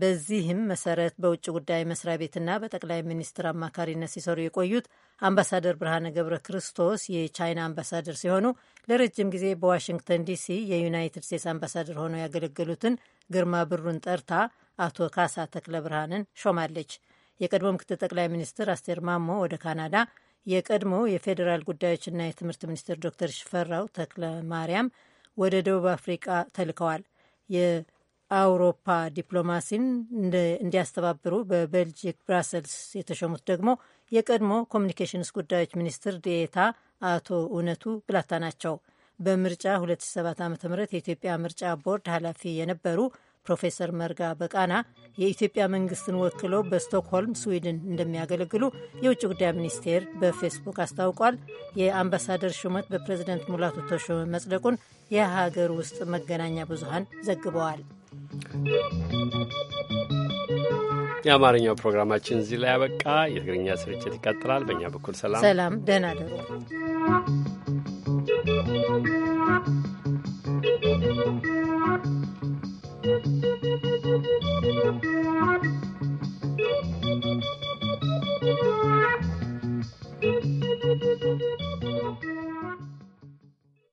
በዚህም መሰረት በውጭ ጉዳይ መስሪያ ቤትና በጠቅላይ ሚኒስትር አማካሪነት ሲሰሩ የቆዩት አምባሳደር ብርሃነ ገብረ ክርስቶስ የቻይና አምባሳደር ሲሆኑ ለረጅም ጊዜ በዋሽንግተን ዲሲ የዩናይትድ ስቴትስ አምባሳደር ሆነው ያገለገሉትን ግርማ ብሩን ጠርታ አቶ ካሳ ተክለ ብርሃንን ሾማለች። የቀድሞ ምክትል ጠቅላይ ሚኒስትር አስቴር ማሞ ወደ ካናዳ የቀድሞ የፌዴራል ጉዳዮችና የትምህርት ሚኒስትር ዶክተር ሽፈራው ተክለ ማርያም ወደ ደቡብ አፍሪቃ ተልከዋል። የአውሮፓ ዲፕሎማሲን እንዲያስተባብሩ በቤልጂክ ብራሰልስ የተሾሙት ደግሞ የቀድሞ ኮሚኒኬሽንስ ጉዳዮች ሚኒስትር ዴታ አቶ እውነቱ ብላታ ናቸው። በምርጫ 2007 ም የኢትዮጵያ ምርጫ ቦርድ ኃላፊ የነበሩ ፕሮፌሰር መርጋ በቃና የኢትዮጵያ መንግስትን ወክለው በስቶክሆልም ስዊድን እንደሚያገለግሉ የውጭ ጉዳይ ሚኒስቴር በፌስቡክ አስታውቋል። የአምባሳደር ሹመት በፕሬዝደንት ሙላቱ ተሾመ መጽደቁን የሀገር ውስጥ መገናኛ ብዙሃን ዘግበዋል። የአማርኛው ፕሮግራማችን እዚህ ላይ ያበቃ። የትግርኛ ስርጭት ይቀጥላል። በእኛ በኩል ሰላም ሰላም፣ ደህና ደሩ።